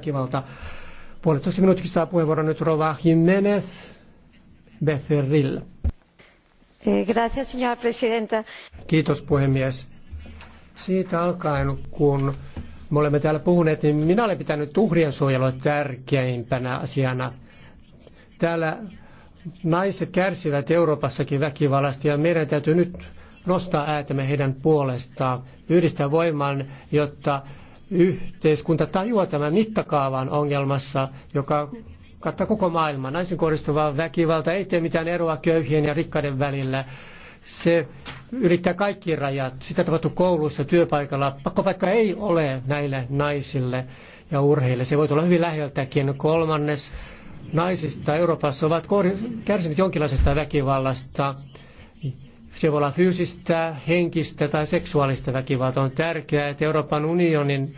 väkivalta. Puolitoista minuutiksi saa puheenvuoron nyt Rova Jimenez Becerril. Eh, Kiitos puhemies. Siitä alkaen, kun me olemme täällä puhuneet, niin minä olen pitänyt uhrien suojelua tärkeimpänä asiana. Täällä naiset kärsivät Euroopassakin väkivallasta ja meidän täytyy nyt nostaa äätämme heidän puolestaan, yhdistää voiman, jotta yhteiskunta tajua tämän mittakaavan ongelmassa, joka kattaa koko maailman. Naisen kohdistuva väkivalta ei tee mitään eroa köyhien ja rikkaiden välillä. Se ylittää kaikki rajat. Sitä tapahtuu koulussa, työpaikalla. Pakkopaikka ei ole näille naisille ja urheille. Se voi tulla hyvin läheltäkin. Kolmannes naisista Euroopassa ovat kärsineet jonkinlaisesta väkivallasta se voi olla fyysistä, henkistä tai seksuaalista väkivaltaa. On tärkeää, että Euroopan unionin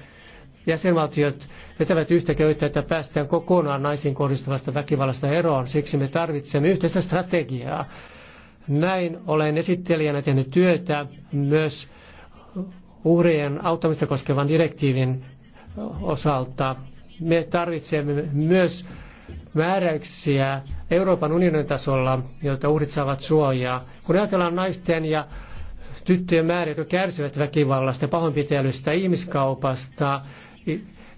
jäsenvaltiot vetävät yhtä köyttä, että päästään kokonaan naisiin kohdistuvasta väkivallasta eroon. Siksi me tarvitsemme yhteistä strategiaa. Näin olen esittelijänä tehnyt työtä myös uhrien auttamista koskevan direktiivin osalta. Me tarvitsemme myös määräyksiä Euroopan unionin tasolla, joita uhrit saavat suojaa. Kun ajatellaan naisten ja tyttöjen määrä, jotka kärsivät väkivallasta, pahoinpitelystä, ihmiskaupasta,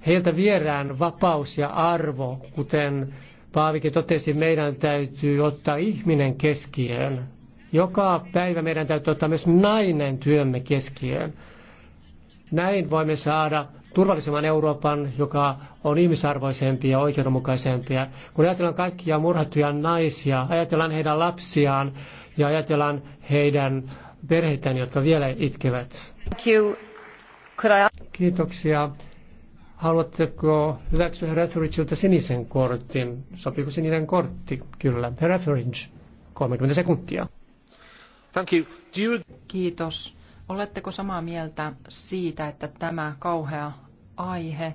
heiltä vierään vapaus ja arvo, kuten Paavikin totesi, meidän täytyy ottaa ihminen keskiöön. Joka päivä meidän täytyy ottaa myös nainen työmme keskiöön. Näin voimme saada turvallisemman Euroopan, joka on ihmisarvoisempi ja oikeudenmukaisempi. Kun ajatellaan kaikkia murhattuja naisia, ajatellaan heidän lapsiaan ja ajatellaan heidän perheitään, jotka vielä itkevät. Kiitoksia. Haluatteko hyväksyä Herathoridgeilta sinisen kortin? Sopiiko sininen kortti? Kyllä. Etheridge, 30 sekuntia. Thank you. Do you... Kiitos. Oletteko samaa mieltä siitä, että tämä kauhea aihe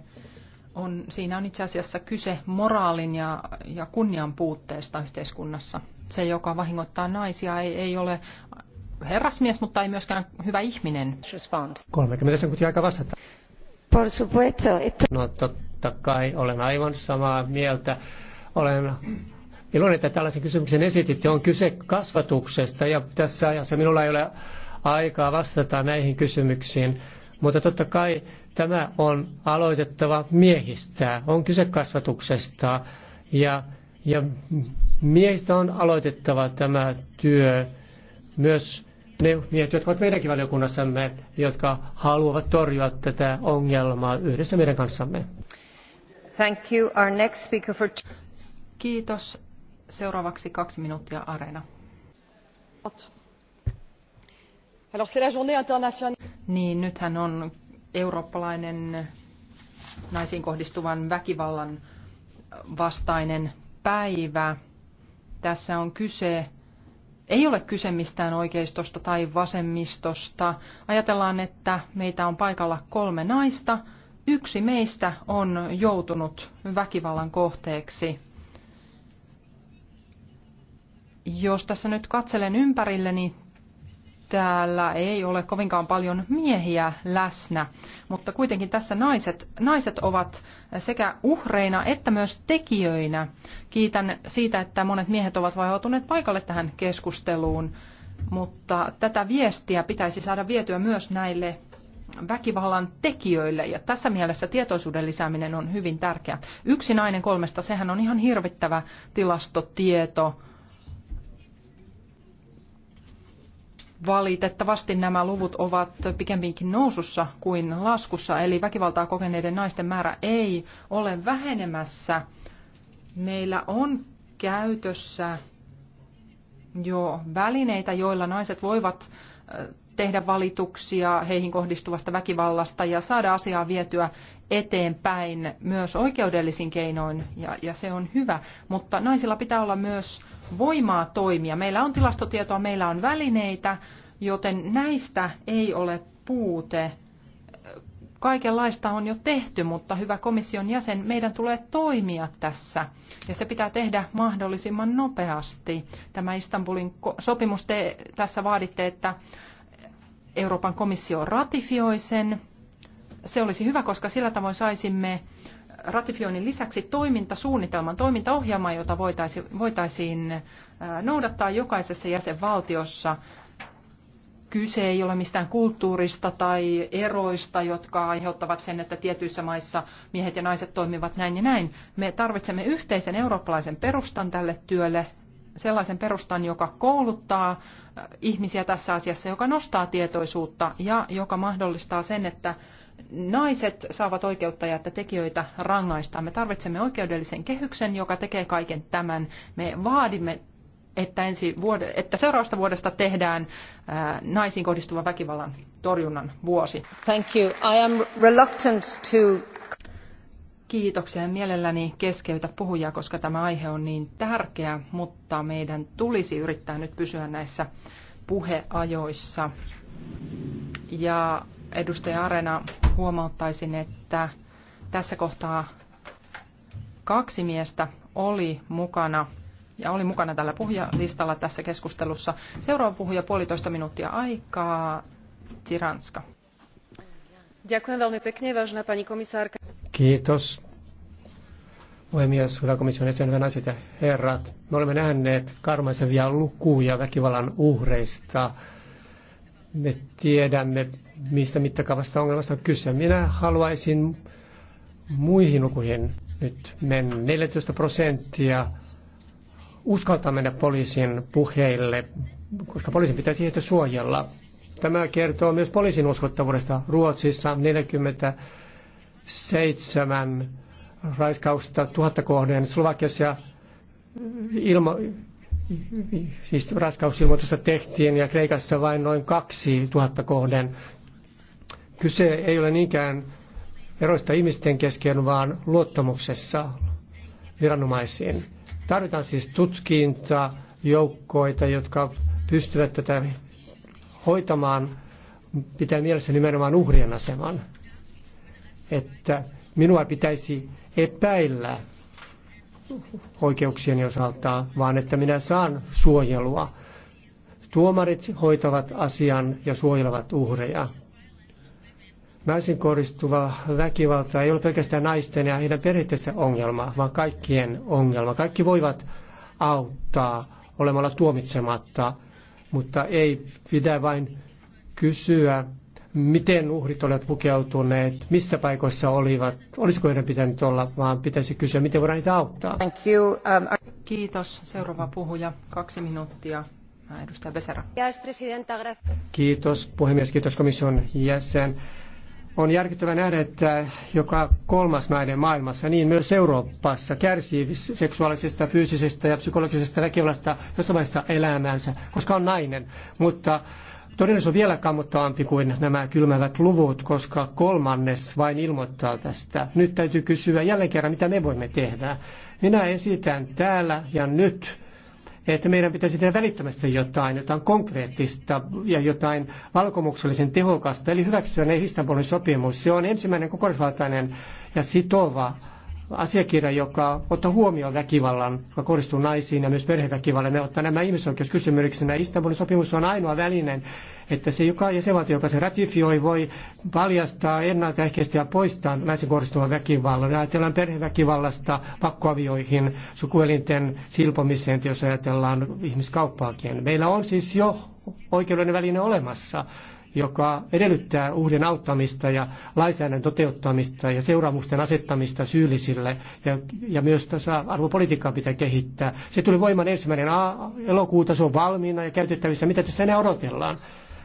on, siinä on itse asiassa kyse moraalin ja, ja kunnian puutteesta yhteiskunnassa. Se, joka vahingoittaa naisia, ei, ei ole herrasmies, mutta ei myöskään hyvä ihminen. 30 sekuntia aika vastata. No totta kai, olen aivan samaa mieltä. Olen iloinen, että tällaisen kysymyksen esititte. On kyse kasvatuksesta ja tässä ajassa minulla ei ole aikaa vastata näihin kysymyksiin, mutta totta kai tämä on aloitettava miehistä. On kyse kasvatuksesta ja, ja miehistä on aloitettava tämä työ. Myös ne miehet, jotka ovat meidänkin valiokunnassamme, jotka haluavat torjua tätä ongelmaa yhdessä meidän kanssamme. Thank you. Our next speaker for... Kiitos. Seuraavaksi kaksi minuuttia Areena. Ot. Niin, nythän on eurooppalainen naisiin kohdistuvan väkivallan vastainen päivä. Tässä on kyse, ei ole kyse mistään oikeistosta tai vasemmistosta. Ajatellaan, että meitä on paikalla kolme naista. Yksi meistä on joutunut väkivallan kohteeksi. Jos tässä nyt katselen ympärilleni, täällä ei ole kovinkaan paljon miehiä läsnä, mutta kuitenkin tässä naiset, naiset ovat sekä uhreina että myös tekijöinä. Kiitän siitä, että monet miehet ovat vaihoutuneet paikalle tähän keskusteluun, mutta tätä viestiä pitäisi saada vietyä myös näille väkivallan tekijöille ja tässä mielessä tietoisuuden lisääminen on hyvin tärkeä. Yksi nainen kolmesta, sehän on ihan hirvittävä tilastotieto Valitettavasti nämä luvut ovat pikemminkin nousussa kuin laskussa, eli väkivaltaa kokeneiden naisten määrä ei ole vähenemässä. Meillä on käytössä jo välineitä, joilla naiset voivat tehdä valituksia heihin kohdistuvasta väkivallasta ja saada asiaa vietyä eteenpäin myös oikeudellisin keinoin, ja, ja se on hyvä. Mutta naisilla pitää olla myös voimaa toimia. Meillä on tilastotietoa, meillä on välineitä, joten näistä ei ole puute. Kaikenlaista on jo tehty, mutta hyvä komission jäsen, meidän tulee toimia tässä. Ja se pitää tehdä mahdollisimman nopeasti. Tämä Istanbulin sopimus, te tässä vaaditte, että Euroopan komissio ratifioi sen. Se olisi hyvä, koska sillä tavoin saisimme ratifioinnin lisäksi toimintasuunnitelman, toimintaohjelman, jota voitaisiin noudattaa jokaisessa jäsenvaltiossa. Kyse ei ole mistään kulttuurista tai eroista, jotka aiheuttavat sen, että tietyissä maissa miehet ja naiset toimivat näin ja näin. Me tarvitsemme yhteisen eurooppalaisen perustan tälle työlle, sellaisen perustan, joka kouluttaa ihmisiä tässä asiassa, joka nostaa tietoisuutta ja joka mahdollistaa sen, että naiset saavat oikeutta ja että tekijöitä rangaistaan. Me tarvitsemme oikeudellisen kehyksen, joka tekee kaiken tämän. Me vaadimme, että, ensi vuod- että seuraavasta vuodesta tehdään ää, naisiin kohdistuvan väkivallan torjunnan vuosi. Thank you. I am reluctant to Kiitoksia. Mielelläni keskeytä puhujaa, koska tämä aihe on niin tärkeä, mutta meidän tulisi yrittää nyt pysyä näissä puheajoissa. Ja edustaja Arena, huomauttaisin, että tässä kohtaa kaksi miestä oli mukana ja oli mukana tällä puhujalistalla tässä keskustelussa. Seuraava puhuja puolitoista minuuttia aikaa, Tsiranska. Ďakujem veľmi pekne, pani komisárka. Kiitos. Puhemies, hyvä komission jäsen, hyvä naiset ja herrat. Me olemme nähneet karmaisevia lukuja väkivallan uhreista. Me tiedämme, mistä mittakaavasta ongelmasta on kyse. Minä haluaisin muihin lukuihin nyt mennä. 14 prosenttia uskaltaa mennä poliisin puheille, koska poliisin pitäisi heitä suojella. Tämä kertoo myös poliisin uskottavuudesta. Ruotsissa 40 seitsemän raiskausta tuhatta kohden. Slovakiassa ilmo, siis raskausilmoitusta tehtiin ja Kreikassa vain noin kaksi tuhatta kohden. Kyse ei ole niinkään eroista ihmisten kesken, vaan luottamuksessa viranomaisiin. Tarvitaan siis tutkinta, joukkoita, jotka pystyvät tätä hoitamaan, pitää mielessä nimenomaan uhrien aseman että minua pitäisi epäillä oikeuksieni osalta, vaan että minä saan suojelua. Tuomarit hoitavat asian ja suojelevat uhreja. Naisin kohdistuva väkivalta ei ole pelkästään naisten ja heidän perheittensä ongelma, vaan kaikkien ongelma. Kaikki voivat auttaa olemalla tuomitsematta, mutta ei pidä vain kysyä miten uhrit olivat pukeutuneet? missä paikoissa olivat, olisiko heidän pitänyt olla, vaan pitäisi kysyä, miten voidaan niitä auttaa. Thank you. Um, Kiitos. Seuraava puhuja, kaksi minuuttia. Äh, edustaja Besera. Kiitos puhemies, kiitos komission jäsen. On järkyttävää nähdä, että joka kolmas nainen maailmassa, niin myös Euroopassa, kärsii seksuaalisesta, fyysisestä ja psykologisesta väkivallasta jossain vaiheessa elämäänsä, koska on nainen. Mutta Todellisuus on vielä kammottavampi kuin nämä kylmävät luvut, koska kolmannes vain ilmoittaa tästä. Nyt täytyy kysyä jälleen kerran, mitä me voimme tehdä. Minä esitän täällä ja nyt, että meidän pitäisi tehdä välittömästi jotain, jotain konkreettista ja jotain valkomuksellisen tehokasta, eli hyväksyä ne Istanbulin sopimus. Se on ensimmäinen kokonaisvaltainen ja sitova asiakirja, joka ottaa huomioon väkivallan, joka kohdistuu naisiin ja myös perheväkivallan. Ne ottaa nämä ihmisoikeuskysymyksenä. Istanbulin sopimus on ainoa välinen, että se joka jäsenvaltio, joka se ratifioi, voi paljastaa ennaltaehkäistä ja poistaa naisen kohdistuvan väkivallan. Ajatellaan perheväkivallasta pakkoavioihin, sukuelinten silpomiseen, jos ajatellaan ihmiskauppaakin. Meillä on siis jo oikeudellinen väline olemassa joka edellyttää uhrin auttamista ja lainsäädännön toteuttamista ja seuraamusten asettamista syyllisille. Ja, ja myös tasa-arvopolitiikkaa pitää kehittää. Se tuli voimaan ensimmäinen elokuuta, se on valmiina ja käytettävissä. Mitä tässä enää odotellaan?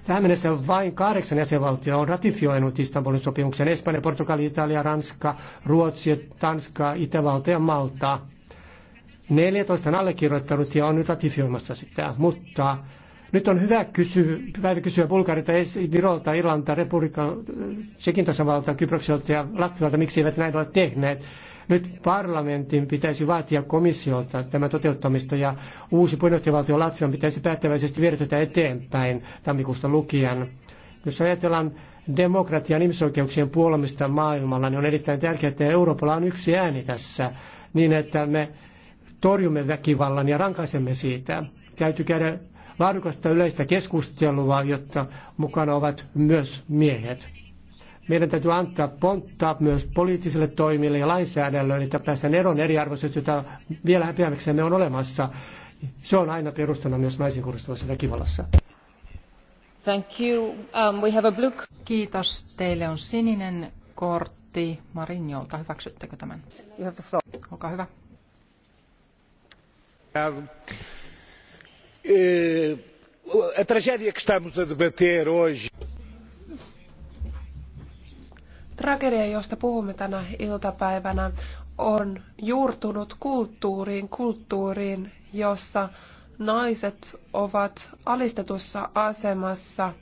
Tähän mennessä vain kahdeksan jäsenvaltioa on ratifioinut Istanbulin sopimuksen. Espanja, Portugali, Italia, Ranska, Ruotsi, Tanska, Itävalta ja Malta. 14 on allekirjoittanut ja on nyt ratifioimassa sitä, mutta nyt on hyvä kysyä, hyvä kysyä Bulgarilta, Virolta, Irlanta, Republika, Tsekin tasavalta, Kyprokselta ja Latvialta, miksi eivät näin ole tehneet. Nyt parlamentin pitäisi vaatia komissiolta tämän toteuttamista ja uusi puheenjohtajavaltio Latvian pitäisi päättäväisesti viedä tätä eteenpäin tammikuusta lukien. Jos ajatellaan demokratian ihmisoikeuksien puolemista maailmalla, niin on erittäin tärkeää, että Euroopalla on yksi ääni tässä, niin että me torjumme väkivallan ja rankaisemme siitä. Täytyy käydä laadukasta yleistä keskustelua, jotta mukana ovat myös miehet. Meidän täytyy antaa pontta myös poliittisille toimille ja lainsäädännölle, että päästään eron eriarvoisesti, jota vielä me on olemassa. Se on aina perustana myös naisiin kohdistuvassa väkivallassa. Thank you. Um, we have a blue... Kiitos. Teille on sininen kortti Marinjolta. Hyväksyttekö tämän? You have the floor. Olkaa hyvä. Um Eh, a tragédia que estamos a debater hoje. Tragedia, josta puhumme tänä iltapäivänä, on juurtunut kulttuuriin, kulttuuriin, jossa naiset ovat alistetussa asemassa.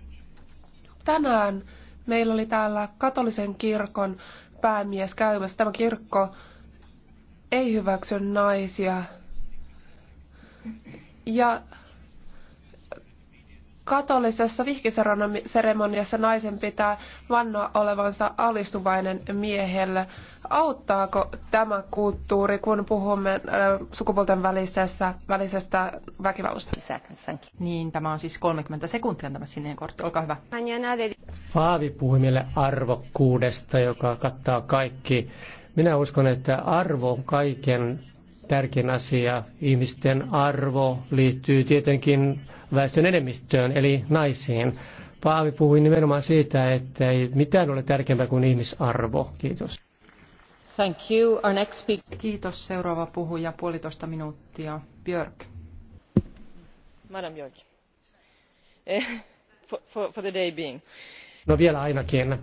Tänään meillä oli täällä katolisen kirkon päämies käymässä. Tämä kirkko ei hyväksy naisia. Ja katolisessa vihkiseremoniassa naisen pitää vannoa olevansa alistuvainen miehelle. Auttaako tämä kulttuuri, kun puhumme äh, sukupuolten välisestä, välisestä väkivallasta? Niin, tämä on siis 30 sekuntia tämä sininen kortti. Olkaa hyvä. Paavi puhui meille arvokkuudesta, joka kattaa kaikki. Minä uskon, että arvo on kaiken tärkein asia. Ihmisten arvo liittyy tietenkin väestön enemmistöön, eli naisiin. Paavi puhui nimenomaan siitä, että ei mitään ole tärkeämpää kuin ihmisarvo. Kiitos. Thank you. Our next speaker. Kiitos. Seuraava puhuja puolitoista minuuttia. Björk. Madam Björk. Eh, for, for, for the day being. No vielä ainakin.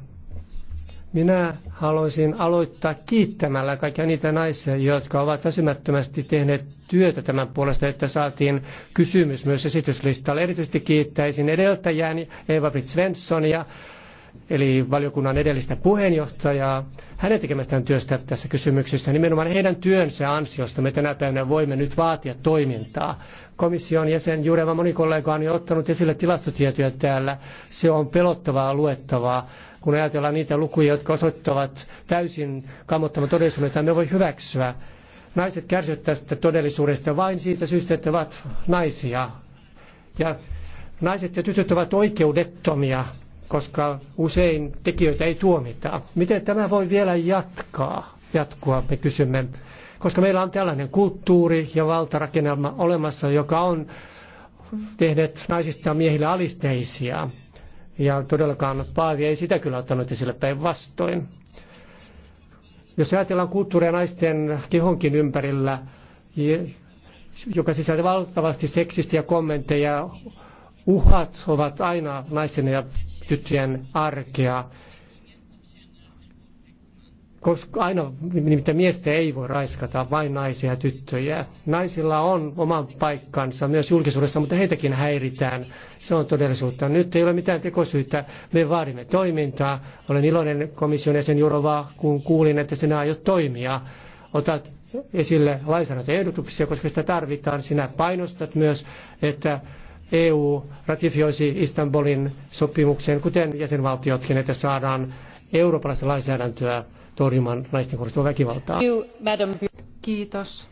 Minä haluaisin aloittaa kiittämällä kaikkia niitä naisia, jotka ovat väsymättömästi tehneet työtä tämän puolesta, että saatiin kysymys myös esityslistalle. Erityisesti kiittäisin edeltäjääni Eva Britt Svenssonia, eli valiokunnan edellistä puheenjohtajaa, hänen tekemästään työstä tässä kysymyksessä. Nimenomaan heidän työnsä ansiosta me tänä päivänä voimme nyt vaatia toimintaa. Komission jäsen Jureva monikollega on jo ottanut esille tilastotietoja täällä. Se on pelottavaa luettavaa kun ajatellaan niitä lukuja, jotka osoittavat täysin kammottavan todellisuuden, jota me voi hyväksyä. Naiset kärsivät tästä todellisuudesta vain siitä syystä, että ovat naisia. Ja naiset ja tytöt ovat oikeudettomia, koska usein tekijöitä ei tuomita. Miten tämä voi vielä jatkaa? Jatkua, me kysymme. Koska meillä on tällainen kulttuuri ja valtarakennelma olemassa, joka on tehnyt naisista ja miehillä alisteisia. Ja todellakaan Paavi ei sitä kyllä ottanut esille päinvastoin. Jos ajatellaan kulttuuria naisten kehonkin ympärillä, joka sisältää valtavasti seksistiä kommentteja, uhat ovat aina naisten ja tyttöjen arkea koska aina nimittäin miestä ei voi raiskata, vain naisia ja tyttöjä. Naisilla on oman paikkansa myös julkisuudessa, mutta heitäkin häiritään. Se on todellisuutta. Nyt ei ole mitään tekosyyttä. Me vaadimme toimintaa. Olen iloinen komission jäsen Jurova, kun kuulin, että sinä aiot toimia. Otat esille lainsäädäntöehdotuksia, koska sitä tarvitaan. Sinä painostat myös, että EU ratifioisi Istanbulin sopimuksen, kuten jäsenvaltiotkin, että saadaan eurooppalaista lainsäädäntöä torjumaan naisten kohdistuvaa väkivaltaa. Kiitos.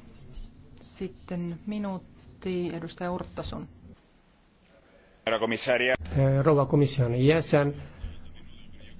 Sitten minuutti edustaja Urttasun. Rouva komission jäsen.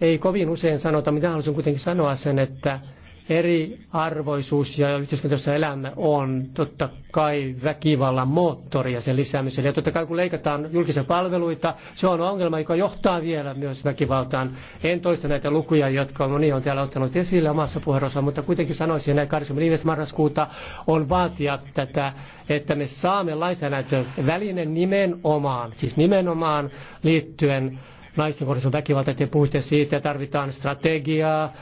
Ei kovin usein sanota, mitä haluaisin kuitenkin sanoa sen, että eriarvoisuus ja yhteiskunnassa elämä on totta kai väkivallan moottori ja sen lisäämiselle. Ja totta kai kun leikataan julkisia palveluita, se on ongelma, joka johtaa vielä myös väkivaltaan. En toista näitä lukuja, jotka moni on täällä ottanut esille omassa puheenvuorossaan, mutta kuitenkin sanoisin, että 25. marraskuuta on vaatia tätä, että me saamme lainsäädäntöön välinen nimenomaan, siis nimenomaan liittyen naisten kohdassa väkivalta, että puhutte siitä, tarvitaan strategiaa,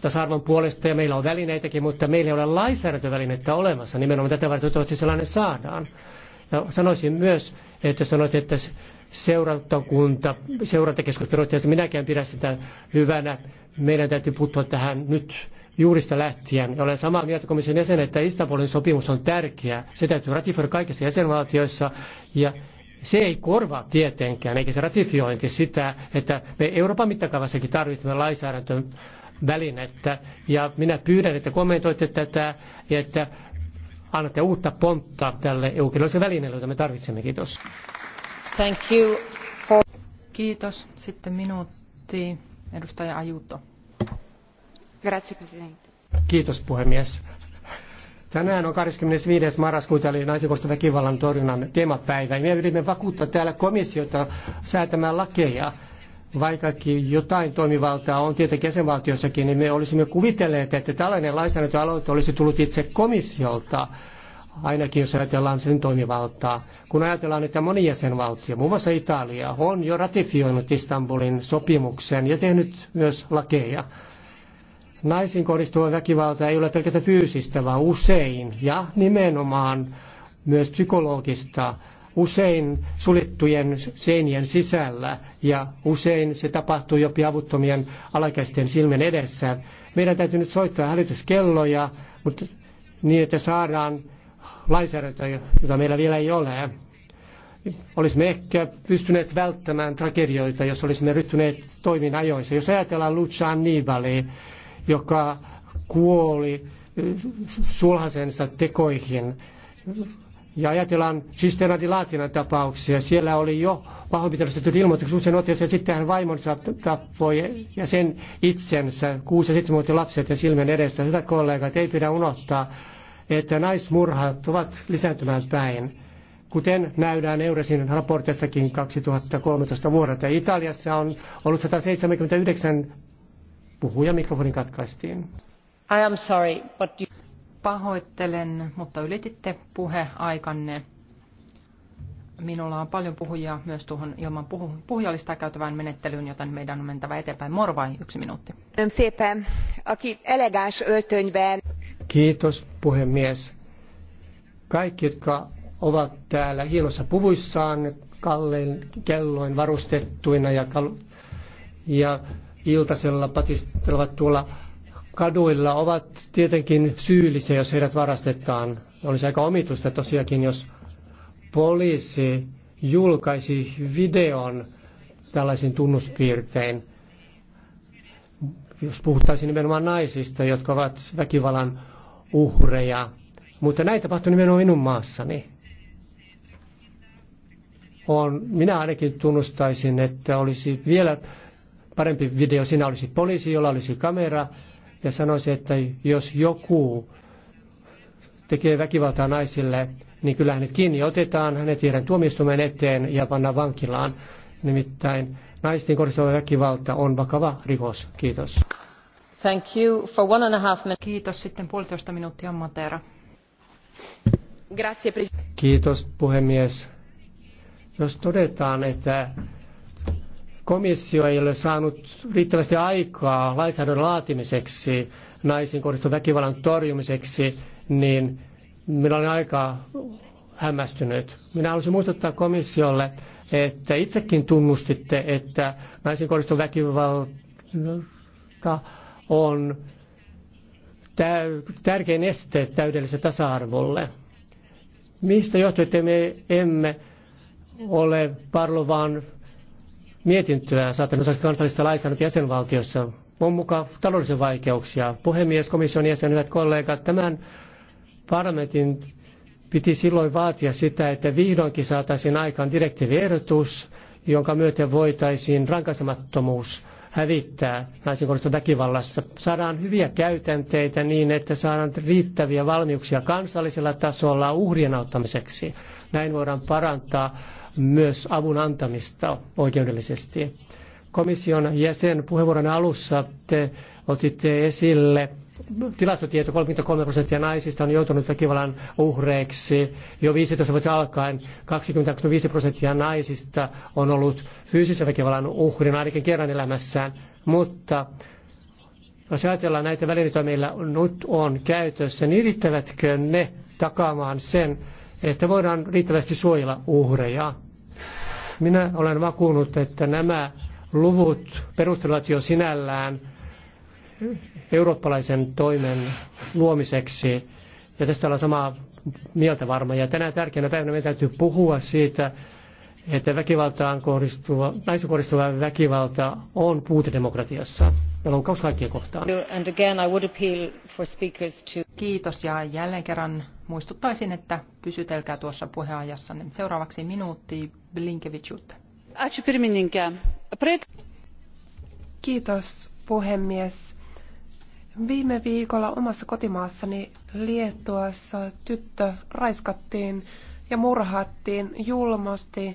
tasa-arvon puolesta ja meillä on välineitäkin, mutta meillä ei ole lainsäädäntövälinettä olemassa. Nimenomaan tätä varten toivottavasti sellainen saadaan. Ja sanoisin myös, että sanoit, että seurantakunta, seurantakeskus perusteessa, minäkään pidän sitä hyvänä. Meidän täytyy puuttua tähän nyt juurista lähtien. Olen samaa mieltä komission jäsen, että Istanbulin sopimus on tärkeä. Se täytyy ratifioida kaikissa jäsenvaltioissa ja se ei korvaa tietenkään, eikä se ratifiointi sitä, että me Euroopan mittakaavassakin tarvitsemme lainsäädäntöä välinettä. Ja minä pyydän, että kommentoitte tätä ja että annatte uutta pontta tälle eukilaiselle välineelle, jota me tarvitsemme. Kiitos. Thank you for... Kiitos. Sitten minuutti. Edustaja Ajuto. Grazie, Presidente. Kiitos, puhemies. Tänään on 25. marraskuuta, eli naisikosta väkivallan torjunnan teemapäivä. Me yritimme vakuuttaa täällä komissiota säätämään lakeja, Vaikkakin jotain toimivaltaa on tietenkin jäsenvaltiossakin, niin me olisimme kuvitelleet, että tällainen lainsäädäntöaloite olisi tullut itse komissiolta, ainakin jos ajatellaan sen toimivaltaa. Kun ajatellaan, että moni jäsenvaltio, muun muassa Italia, on jo ratifioinut Istanbulin sopimuksen ja tehnyt myös lakeja. Naisiin kohdistuva väkivalta ei ole pelkästään fyysistä, vaan usein ja nimenomaan myös psykologista usein suljettujen seinien sisällä ja usein se tapahtuu jopa avuttomien alakäisten silmien edessä. Meidän täytyy nyt soittaa hälytyskelloja, mutta niin, että saadaan lainsäädäntöä, jota meillä vielä ei ole. Olisimme ehkä pystyneet välttämään tragedioita, jos olisimme ryhtyneet toimin ajoissa. Jos ajatellaan Lucian Nibali, joka kuoli äh, sulhasensa tekoihin ja ajatellaan Sistema di Latinan tapauksia. Siellä oli jo pahoinpitelystä ilmoituksia usein otteessa ja sitten hän vaimonsa tappoi ja sen itsensä, kuusi ja 7 lapset ja silmien edessä. Hyvät kollegat, ei pidä unohtaa, että naismurhat ovat lisääntymään päin. Kuten näydään Euresin raportistakin 2013 vuodelta. Italiassa on ollut 179 puhuja mikrofonin katkaistiin. I am sorry, but you... Pahoittelen, mutta ylititte puheaikanne. Minulla on paljon puhujia myös tuohon ilman puhu- puhujalistaa käytävään menettelyyn, joten meidän on mentävä eteenpäin. Morvai, yksi minuutti. Kiitos puhemies. Kaikki, jotka ovat täällä hienossa puvuissaan, kallein kelloin varustettuina ja, kal- ja iltasella patistelevat tuolla kaduilla ovat tietenkin syyllisiä, jos heidät varastetaan. Olisi aika omitusta tosiaankin, jos poliisi julkaisi videon tällaisin tunnuspiirtein, jos puhuttaisiin nimenomaan naisista, jotka ovat väkivallan uhreja. Mutta näitä tapahtui nimenomaan minun maassani. On, minä ainakin tunnustaisin, että olisi vielä parempi video. Siinä olisi poliisi, jolla olisi kamera, ja sanoisi, että jos joku tekee väkivaltaa naisille, niin kyllä hänet kiinni otetaan, hänet viedään tuomioistuimen eteen ja pannaan vankilaan. Nimittäin naisten kohdistuva väkivalta on vakava rikos. Kiitos. Thank you for one and a half minutes. Kiitos. Sitten puolitoista minuuttia Matera. Grazie, Kiitos puhemies. Jos todetaan, että komissio ei ole saanut riittävästi aikaa lainsäädännön laatimiseksi, naisiin kohdistuvan väkivallan torjumiseksi, niin minä olen aika hämmästynyt. Minä haluaisin muistuttaa komissiolle, että itsekin tunnustitte, että naisiin kohdistuvan väkivalta on tärkein este täydelliselle tasa-arvolle. Mistä johtuu, että me emme ole Parlovan mietintöä saatan osaksi kansallista nyt jäsenvaltiossa on mukaan taloudellisia vaikeuksia. Puhemies, komission jäsen, hyvät kollegat, tämän parlamentin piti silloin vaatia sitä, että vihdoinkin saataisiin aikaan direktiiviehdotus, jonka myöten voitaisiin rankaisemattomuus hävittää naisen kohdistuvassa väkivallassa. Saadaan hyviä käytänteitä niin, että saadaan riittäviä valmiuksia kansallisella tasolla uhrien auttamiseksi. Näin voidaan parantaa myös avun antamista oikeudellisesti. Komission jäsen puheenvuoron alussa te otitte esille tilastotieto 33 prosenttia naisista on joutunut väkivallan uhreiksi. Jo 15 vuotta alkaen 25 prosenttia naisista on ollut fyysisen väkivallan uhrin ainakin kerran elämässään. Mutta jos ajatellaan näitä välineitä, meillä nyt on käytössä, niin riittävätkö ne takaamaan sen, että voidaan riittävästi suojella uhreja? Minä olen vakuunut, että nämä luvut perustelevat jo sinällään eurooppalaisen toimen luomiseksi. Ja tästä ollaan samaa mieltä varmaan. Ja tänään tärkeänä päivänä meidän täytyy puhua siitä, että väkivaltaan kohdistuva, naisen kohdistuva väkivalta on puute demokratiassa ja loukkaus kaikkia kohtaan. And again, I would appeal for speakers to... Kiitos ja jälleen kerran muistuttaisin, että pysytelkää tuossa puheajassanne. Seuraavaksi minuutti Blinkevičiūtė. Ačiū pirmininkė. Praeit... Kiitos puhemies. Viime viikolla omassa kotimaassani Liettuassa tyttö raiskattiin ja murhattiin julmasti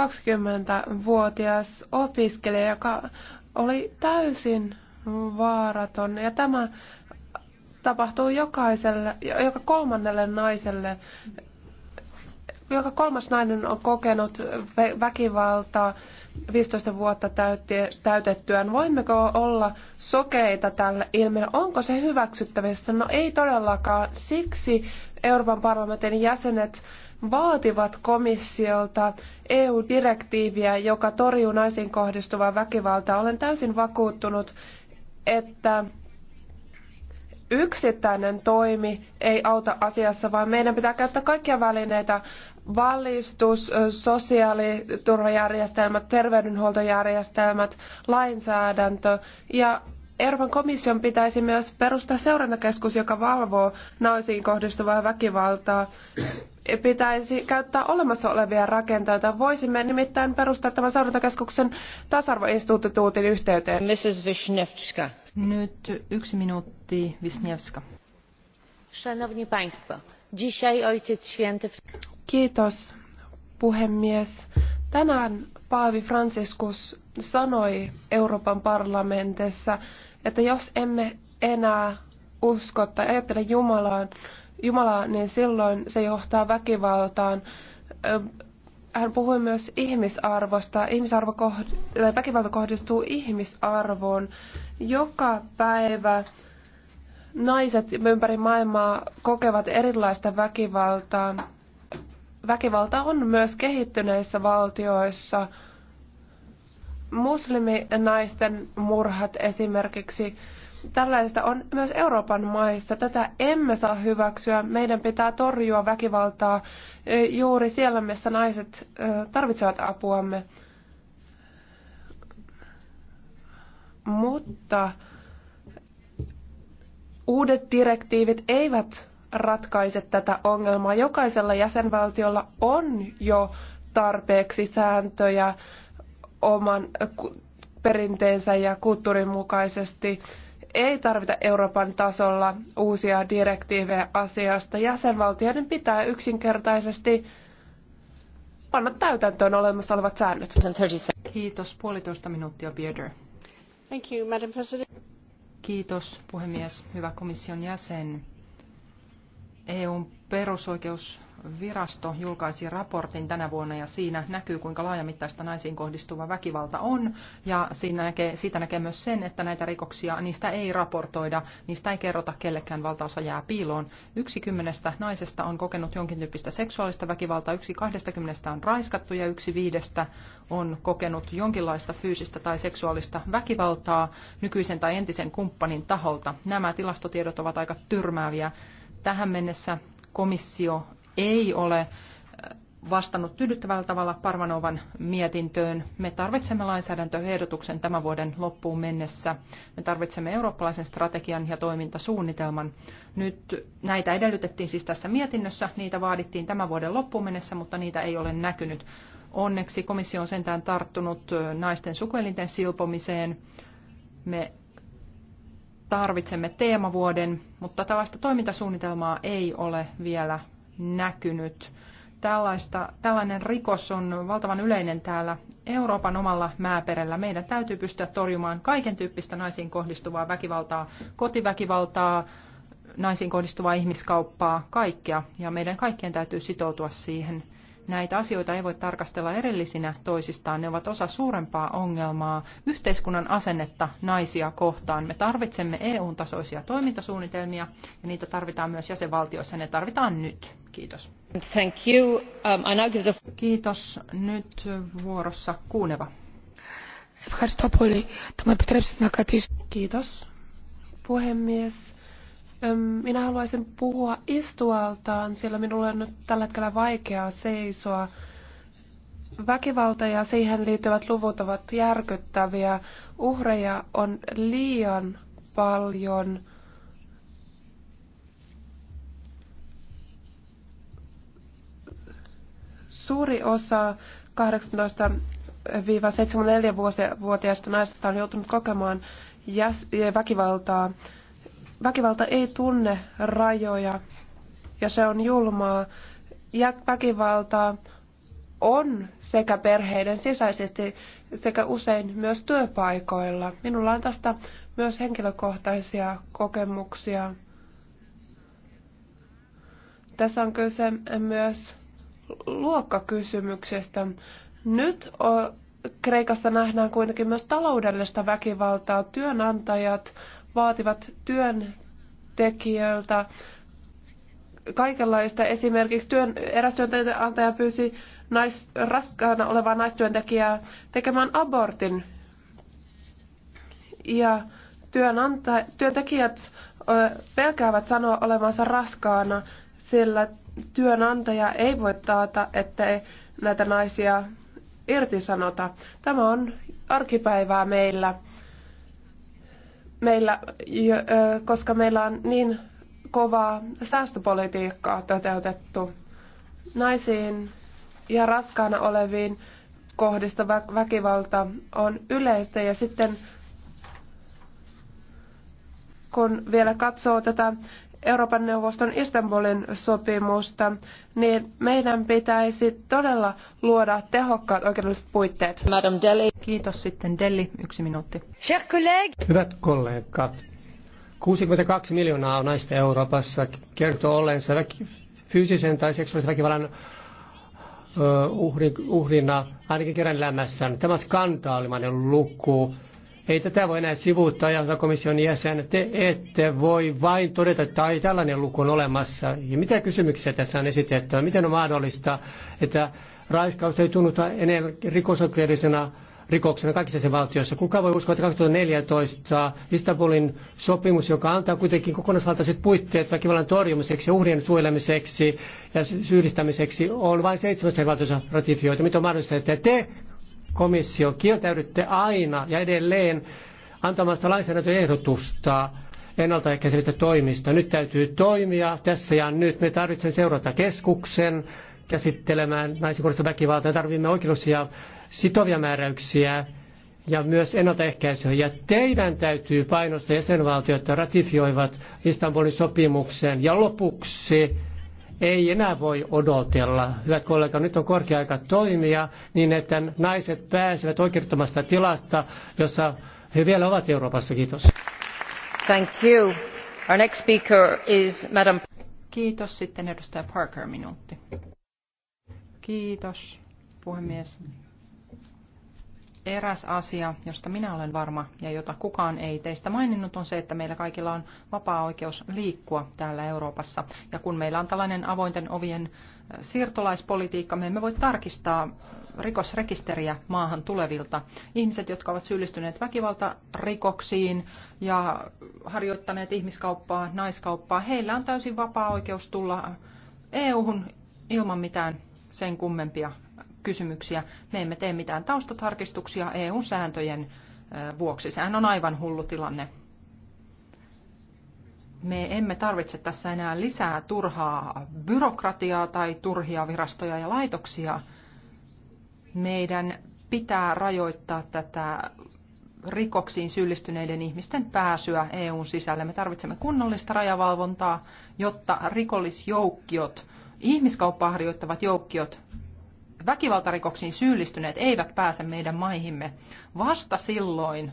20-vuotias opiskelija, joka oli täysin vaaraton. Ja tämä tapahtuu jokaiselle, joka kolmannelle naiselle joka kolmas nainen on kokenut väkivaltaa 15 vuotta täytettyään. Voimmeko olla sokeita tällä ilmiölle? Onko se hyväksyttävissä? No ei todellakaan. Siksi Euroopan parlamentin jäsenet vaativat komissiolta EU-direktiiviä, joka torjuu naisiin kohdistuvaa väkivaltaa. Olen täysin vakuuttunut, että yksittäinen toimi ei auta asiassa, vaan meidän pitää käyttää kaikkia välineitä valistus, sosiaaliturvajärjestelmät, terveydenhuoltojärjestelmät, lainsäädäntö ja Euroopan komission pitäisi myös perustaa seurantakeskus, joka valvoo naisiin kohdistuvaa väkivaltaa. Pitäisi käyttää olemassa olevia rakenteita. Voisimme nimittäin perustaa tämän seurantakeskuksen tasa-arvoinstituutin yhteyteen. Mrs. Wisniewska. Nyt yksi minuutti Wisniewska. Szanowni Państwo, Dzisiaj Ojciec Święty... Kiitos, puhemies. Tänään Paavi Franciscus sanoi Euroopan parlamentissa, että jos emme enää usko tai ajattele Jumalaa, Jumalaa, niin silloin se johtaa väkivaltaan. Hän puhui myös ihmisarvosta. Ihmisarvo kohd- väkivalta kohdistuu ihmisarvoon. Joka päivä Naiset ympäri maailmaa kokevat erilaista väkivaltaa. Väkivalta on myös kehittyneissä valtioissa. Musliminaisten murhat esimerkiksi. Tällaista on myös Euroopan maissa. Tätä emme saa hyväksyä. Meidän pitää torjua väkivaltaa e, juuri siellä, missä naiset e, tarvitsevat apuamme. Mutta Uudet direktiivit eivät ratkaise tätä ongelmaa. Jokaisella jäsenvaltiolla on jo tarpeeksi sääntöjä oman perinteensä ja kulttuurin mukaisesti. Ei tarvita Euroopan tasolla uusia direktiivejä asiasta. Jäsenvaltioiden pitää yksinkertaisesti panna täytäntöön olemassa olevat säännöt. Kiitos. Puolitoista minuuttia, Bieder. Thank you, Madam President. Kiitos puhemies, hyvä komission jäsen. EUn perusoikeusvirasto julkaisi raportin tänä vuonna ja siinä näkyy, kuinka laajamittaista naisiin kohdistuva väkivalta on. Ja siinä näkee, siitä näkee myös sen, että näitä rikoksia, niistä ei raportoida, niistä ei kerrota kellekään, valtaosa jää piiloon. Yksi kymmenestä naisesta on kokenut jonkin tyyppistä seksuaalista väkivaltaa, yksi kahdestakymmenestä on raiskattu ja yksi viidestä on kokenut jonkinlaista fyysistä tai seksuaalista väkivaltaa nykyisen tai entisen kumppanin taholta. Nämä tilastotiedot ovat aika tyrmääviä Tähän mennessä komissio ei ole vastannut tyydyttävällä tavalla Parvanovan mietintöön. Me tarvitsemme lainsäädäntöehdotuksen tämän vuoden loppuun mennessä. Me tarvitsemme eurooppalaisen strategian ja toimintasuunnitelman. Nyt näitä edellytettiin siis tässä mietinnössä. Niitä vaadittiin tämän vuoden loppuun mennessä, mutta niitä ei ole näkynyt. Onneksi komissio on sentään tarttunut naisten sukuelinten silpomiseen. Me tarvitsemme teemavuoden, mutta tällaista toimintasuunnitelmaa ei ole vielä näkynyt. Tällaista, tällainen rikos on valtavan yleinen täällä Euroopan omalla määperellä. Meidän täytyy pystyä torjumaan kaiken tyyppistä naisiin kohdistuvaa väkivaltaa, kotiväkivaltaa, naisiin kohdistuvaa ihmiskauppaa, kaikkea. Ja meidän kaikkien täytyy sitoutua siihen – Näitä asioita ei voi tarkastella erillisinä toisistaan. Ne ovat osa suurempaa ongelmaa, yhteiskunnan asennetta naisia kohtaan. Me tarvitsemme EU-tasoisia toimintasuunnitelmia ja niitä tarvitaan myös jäsenvaltioissa. Ne tarvitaan nyt. Kiitos. Thank you. Um, I now give the... Kiitos. Nyt vuorossa kuuneva. Kiitos puhemies minä haluaisin puhua istualtaan, sillä minulla on nyt tällä hetkellä vaikeaa seisoa. Väkivalta ja siihen liittyvät luvut ovat järkyttäviä. Uhreja on liian paljon. Suuri osa 18-74-vuotiaista naisista on joutunut kokemaan väkivaltaa Väkivalta ei tunne rajoja ja se on julmaa. Ja väkivalta on sekä perheiden sisäisesti sekä usein myös työpaikoilla. Minulla on tästä myös henkilökohtaisia kokemuksia. Tässä on kyse myös luokkakysymyksestä. Nyt Kreikassa nähdään kuitenkin myös taloudellista väkivaltaa. Työnantajat vaativat työntekijöiltä kaikenlaista. Esimerkiksi työn, eräs työnantaja pyysi nais, raskaana olevaa naistyöntekijää tekemään abortin. Ja työnanta, työntekijät pelkäävät sanoa olevansa raskaana, sillä työnantaja ei voi taata, ettei näitä naisia irtisanota. Tämä on arkipäivää meillä meillä, koska meillä on niin kovaa säästöpolitiikkaa toteutettu. Naisiin ja raskaana oleviin kohdista väkivalta on yleistä ja sitten kun vielä katsoo tätä Euroopan neuvoston Istanbulin sopimusta, niin meidän pitäisi todella luoda tehokkaat oikeudelliset puitteet. Madam Deli. Kiitos sitten Delli yksi minuutti. Hyvät kollegat, 62 miljoonaa naista Euroopassa kertoo olleensa fyysisen tai seksuaalisen väkivallan uhri, uhrina ainakin kerran elämässään. Tämä skandaalimainen luku ei tätä voi enää sivuuttaa, ja komission jäsen, te ette voi vain todeta, että ai, tällainen luku on olemassa. Ja mitä kysymyksiä tässä on esitettävä? Miten on mahdollista, että raiskaus ei tunnuta enää rikosoikeudellisena rikoksena kaikissa sen valtioissa. Kuka voi uskoa, että 2014 Istanbulin sopimus, joka antaa kuitenkin kokonaisvaltaiset puitteet väkivallan torjumiseksi, uhrien suojelemiseksi ja syyllistämiseksi, on vain seitsemässä valtiossa ratifioitu. Mitä on mahdollista, että te komissio, kieltäydytte aina ja edelleen antamasta lainsäädäntöehdotusta ennaltaehkäisevistä toimista. Nyt täytyy toimia tässä ja nyt. Me tarvitsemme seurantakeskuksen käsittelemään naisiin kohdistuvaa väkivaltaa. Tarvitsemme oikeudellisia sitovia määräyksiä ja myös ennaltaehkäisyä. Ja teidän täytyy painostaa jäsenvaltioita ratifioivat Istanbulin sopimuksen. Ja lopuksi ei enää voi odotella. Hyvät kollegat, nyt on korkea aika toimia niin, että naiset pääsevät oikeudettomasta tilasta, jossa he vielä ovat Euroopassa. Kiitos. Thank you. Our next speaker is Madam... Kiitos. Sitten edustaja Parker minuutti. Kiitos, puhemies. Eräs asia, josta minä olen varma ja jota kukaan ei teistä maininnut, on se, että meillä kaikilla on vapaa oikeus liikkua täällä Euroopassa. Ja kun meillä on tällainen avointen ovien äh, siirtolaispolitiikka, me emme voi tarkistaa rikosrekisteriä maahan tulevilta. Ihmiset, jotka ovat syyllistyneet väkivaltarikoksiin ja harjoittaneet ihmiskauppaa, naiskauppaa, heillä on täysin vapaa oikeus tulla EU-hun ilman mitään sen kummempia kysymyksiä. Me emme tee mitään taustatarkistuksia EU-sääntöjen vuoksi. Sehän on aivan hullu tilanne. Me emme tarvitse tässä enää lisää turhaa byrokratiaa tai turhia virastoja ja laitoksia. Meidän pitää rajoittaa tätä rikoksiin syyllistyneiden ihmisten pääsyä EUn sisälle. Me tarvitsemme kunnollista rajavalvontaa, jotta rikollisjoukkiot, ihmiskauppaa harjoittavat joukkiot väkivaltarikoksiin syyllistyneet eivät pääse meidän maihimme. Vasta silloin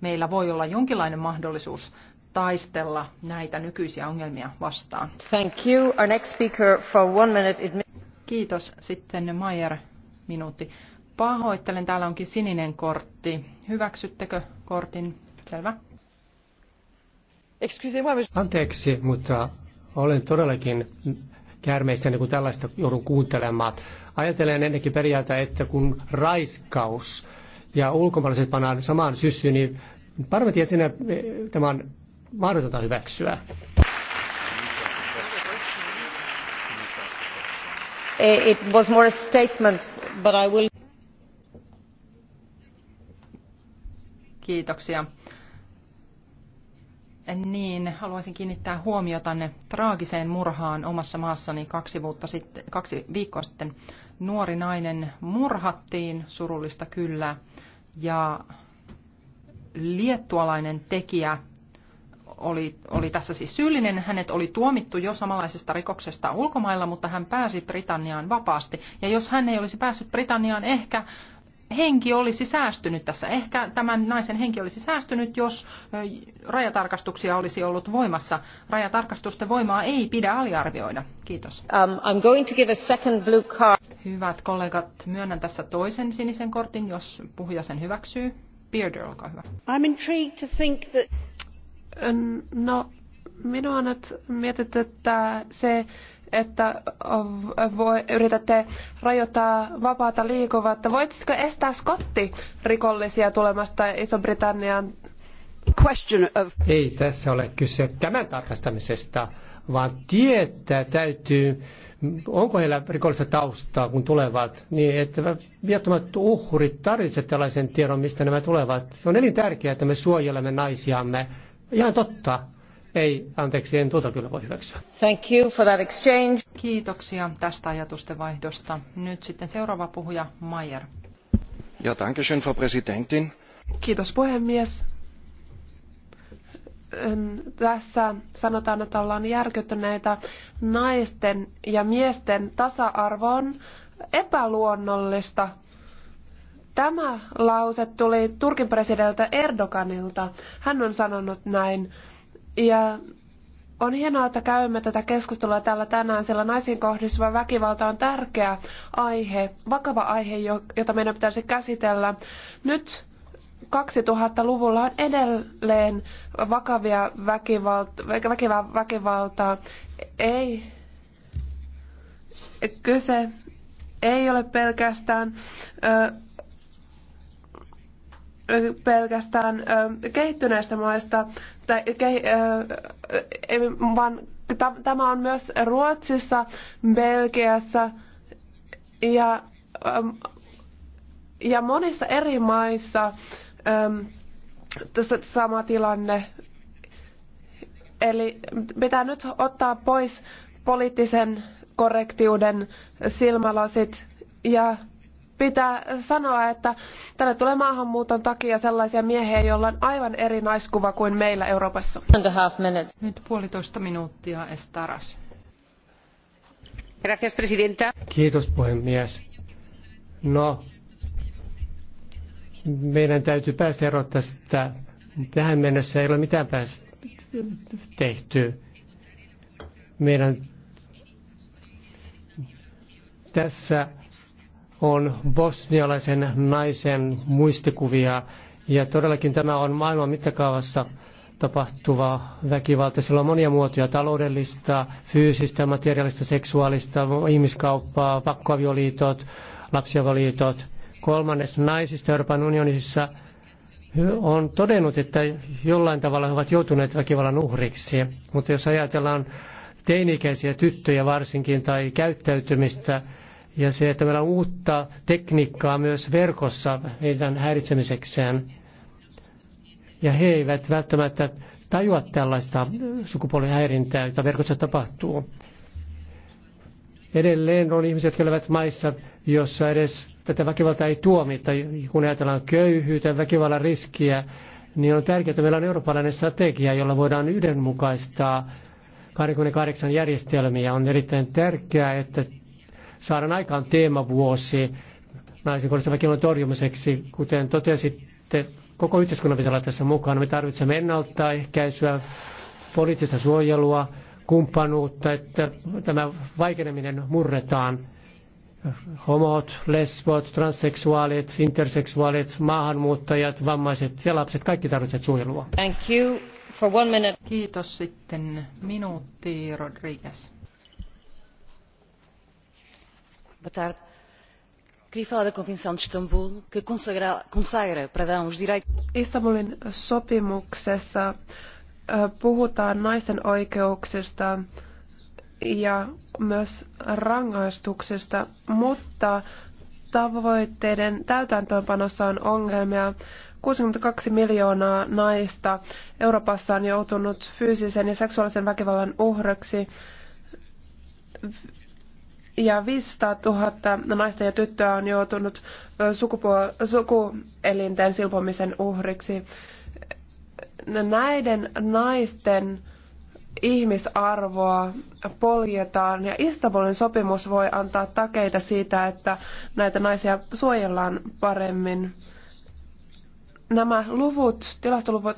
meillä voi olla jonkinlainen mahdollisuus taistella näitä nykyisiä ongelmia vastaan. Thank you. Our next speaker for one minute. Kiitos. Sitten Mayer minuutti. Pahoittelen, täällä onkin sininen kortti. Hyväksyttekö kortin? Selvä. Anteeksi, mutta olen todellakin käärmeistä niin kuin tällaista joudun kuuntelemaan. Ajatellen ennenkin periaatteessa, että kun raiskaus ja ulkomaalaiset pannaan samaan syssyyn, niin parlamentin jäsenä eh, tämä on mahdotonta hyväksyä. Eh, it was more a statement, but I will... Kiitoksia niin haluaisin kiinnittää tänne traagiseen murhaan omassa maassani kaksi, vuotta sitten, kaksi viikkoa sitten. Nuori nainen murhattiin, surullista kyllä, ja liettualainen tekijä oli, oli tässä siis syyllinen. Hänet oli tuomittu jo samanlaisesta rikoksesta ulkomailla, mutta hän pääsi Britanniaan vapaasti. Ja jos hän ei olisi päässyt Britanniaan, ehkä henki olisi säästynyt tässä. Ehkä tämän naisen henki olisi säästynyt, jos rajatarkastuksia olisi ollut voimassa. Rajatarkastusten voimaa ei pidä aliarvioida. Kiitos. Um, I'm going to give a second blue card. Hyvät kollegat, myönnän tässä toisen sinisen kortin, jos puhuja sen hyväksyy. Bearder, olkaa hyvä. I'm intrigued to think that... No, minua on nyt mietitty, että se että voi, yritätte rajoittaa vapaata liikuvatta. Voisitko estää skottirikollisia tulemasta Iso-Britanniaan? Ei tässä ole kyse tämän tarkastamisesta, vaan tietää täytyy, onko heillä rikollista taustaa, kun tulevat, niin että viattomat uhrit tarvitsevat tällaisen tiedon, mistä nämä tulevat. Se on elintärkeää, että me suojelemme naisiamme. Ihan totta, ei, anteeksi, en tuota kyllä voi hyväksyä. Thank you for that exchange. Kiitoksia tästä ajatusten vaihdosta. Nyt sitten seuraava puhuja, Mayer. Ja, danke schön, Frau Präsidentin. Kiitos puhemies. Tässä sanotaan, että ollaan järkyttyneitä naisten ja miesten tasa-arvoon epäluonnollista. Tämä lause tuli Turkin presidentiltä Erdoganilta. Hän on sanonut näin. Ja on hienoa, että käymme tätä keskustelua täällä tänään, sillä naisiin kohdistuva väkivalta on tärkeä aihe, vakava aihe, jota meidän pitäisi käsitellä. Nyt 2000-luvulla on edelleen vakavia väkivalta, väkivää väkivaltaa. Ei, kyse ei ole pelkästään pelkästään kehittyneistä maista, tämä on myös Ruotsissa, Belgiassa ja, ähm, ja monissa eri maissa ähm, tässä sama tilanne. Eli pitää nyt ottaa pois poliittisen korrektiuden silmälasit ja pitää sanoa, että tänne tulee maahanmuuton takia sellaisia miehiä, joilla on aivan eri naiskuva kuin meillä Euroopassa. And a half minutes. Nyt puolitoista minuuttia, Estaras. Gracias, presidenta. Kiitos puhemies. No, meidän täytyy päästä eroon tästä. Tähän mennessä ei ole mitään päästä tehty. Meidän tässä on bosnialaisen naisen muistikuvia. Ja todellakin tämä on maailman mittakaavassa tapahtuva väkivalta. Sillä on monia muotoja, taloudellista, fyysistä, materiaalista, seksuaalista, ihmiskauppaa, pakkoavioliitot, lapsiavioliitot. Kolmannes naisista Euroopan unionissa on todennut, että jollain tavalla he ovat joutuneet väkivallan uhriksi. Mutta jos ajatellaan teinikäisiä tyttöjä varsinkin tai käyttäytymistä, ja se, että meillä on uutta tekniikkaa myös verkossa heidän häiritsemisekseen. Ja he eivät välttämättä tajua tällaista sukupuolihäirintää, jota verkossa tapahtuu. Edelleen on ihmisiä, jotka elävät maissa, jossa edes tätä väkivaltaa ei tuomita. Kun ajatellaan köyhyyttä, väkivallan riskiä, niin on tärkeää, että meillä on eurooppalainen strategia, jolla voidaan yhdenmukaistaa 28 järjestelmiä. On erittäin tärkeää, että saadaan aikaan teemavuosi naisen kohdistuvan väkivallan torjumiseksi. Kuten totesitte, koko yhteiskunnan pitää olla tässä mukana. Me tarvitsemme ennaltaehkäisyä, poliittista suojelua, kumppanuutta, että tämä vaikeneminen murretaan. Homot, lesbot, transseksuaalit, interseksuaalit, maahanmuuttajat, vammaiset ja lapset, kaikki tarvitsevat suojelua. Thank you for one minute. Kiitos sitten minuutti, Rodriguez. istanbulin sopimuksessa eh, puhutaan naisten oikeuksista ja myös rangaistuksista mutta tavoitteiden täytäntöönpanossa on ongelmia. 62 miljoonaa naista Euroopassa on joutunut fyysisen ja seksuaalisen väkivallan uhreksi ja 500 000 naista ja tyttöä on joutunut sukupuol- sukuelinten silpomisen uhriksi. Näiden naisten ihmisarvoa poljetaan ja Istanbulin sopimus voi antaa takeita siitä, että näitä naisia suojellaan paremmin nämä luvut, tilastoluvut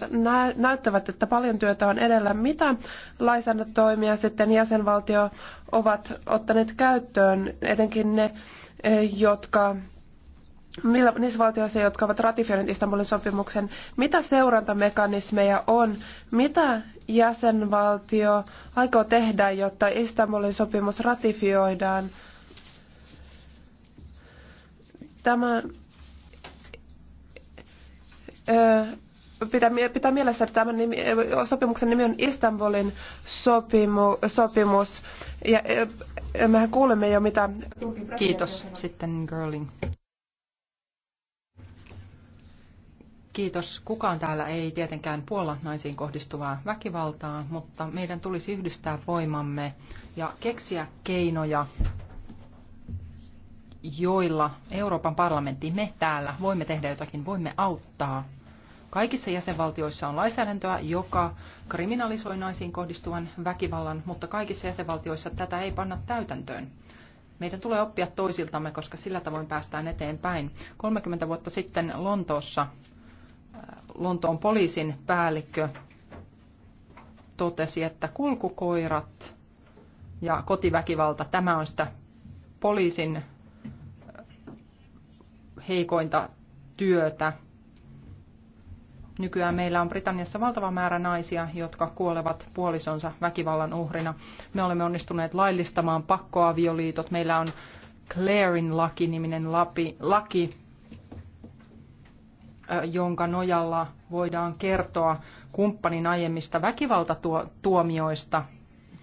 näyttävät, että paljon työtä on edellä. Mitä lainsäädäntötoimia sitten jäsenvaltio ovat ottaneet käyttöön, etenkin ne, eh, jotka millä, niissä valtioissa, jotka ovat ratifioineet Istanbulin sopimuksen, mitä seurantamekanismeja on, mitä jäsenvaltio aikoo tehdä, jotta Istanbulin sopimus ratifioidaan? tämä pitää, pitää mielessä, että tämän nimi, sopimuksen nimi on Istanbulin sopimu, sopimus. Ja mehän kuulemme jo mitä... Kiitos. Sitten Girling. Kiitos. Kukaan täällä ei tietenkään puolla naisiin kohdistuvaa väkivaltaa, mutta meidän tulisi yhdistää voimamme ja keksiä keinoja, joilla Euroopan parlamentti, me täällä, voimme tehdä jotakin, voimme auttaa Kaikissa jäsenvaltioissa on lainsäädäntöä, joka kriminalisoi naisiin kohdistuvan väkivallan, mutta kaikissa jäsenvaltioissa tätä ei panna täytäntöön. Meidän tulee oppia toisiltamme, koska sillä tavoin päästään eteenpäin. 30 vuotta sitten Lontoossa äh, Lontoon poliisin päällikkö totesi, että kulkukoirat ja kotiväkivalta, tämä on sitä poliisin äh, heikointa työtä. Nykyään meillä on Britanniassa valtava määrä naisia, jotka kuolevat puolisonsa väkivallan uhrina. Me olemme onnistuneet laillistamaan pakkoavioliitot. Meillä on Clarin laki-niminen laki, jonka nojalla voidaan kertoa kumppanin aiemmista väkivaltatuomioista.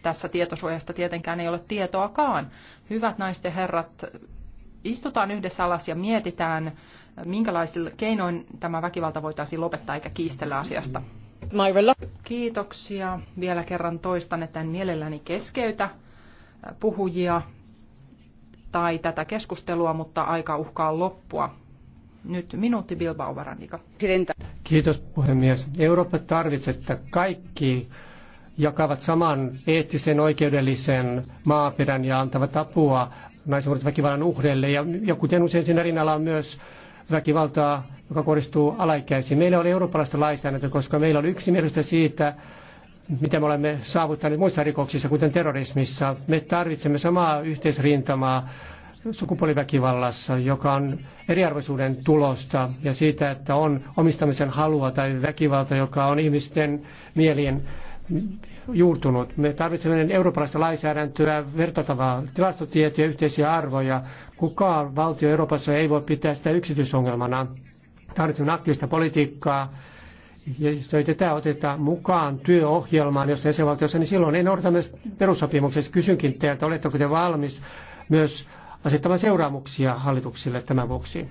Tässä tietosuojasta tietenkään ei ole tietoakaan. Hyvät naisten herrat, istutaan yhdessä alas ja mietitään, minkälaisilla keinoin tämä väkivalta voitaisiin lopettaa eikä kiistellä asiasta. Kiitoksia. Vielä kerran toistan, että en mielelläni keskeytä puhujia tai tätä keskustelua, mutta aika uhkaa loppua. Nyt minuutti Bilbao Varanika. Kiitos puhemies. Eurooppa tarvitsee, että kaikki jakavat saman eettisen, oikeudellisen maaperän ja antavat apua naismurtoväkivallan uhreille. Ja, ja kuten usein siinä rinnalla on myös väkivaltaa, joka kohdistuu alaikäisiin. Meillä oli eurooppalaista lainsäädäntöä, koska meillä oli yksimielistä siitä, mitä me olemme saavuttaneet muissa rikoksissa, kuten terrorismissa. Me tarvitsemme samaa yhteisrintamaa sukupuoliväkivallassa, joka on eriarvoisuuden tulosta ja siitä, että on omistamisen halua tai väkivalta, joka on ihmisten mielien juurtunut. Me tarvitsemme eurooppalaista lainsäädäntöä, vertailtavaa tilastotietoja, yhteisiä arvoja. Kukaan valtio Euroopassa ei voi pitää sitä yksityisongelmana. Tarvitsemme aktiivista politiikkaa, ja tätä otetaan mukaan työohjelmaan, jos jäsenvaltiossa, niin silloin ei noudata myös perussopimuksessa. Kysynkin teiltä, oletteko te valmis myös asettamaan seuraamuksia hallituksille tämän vuoksi?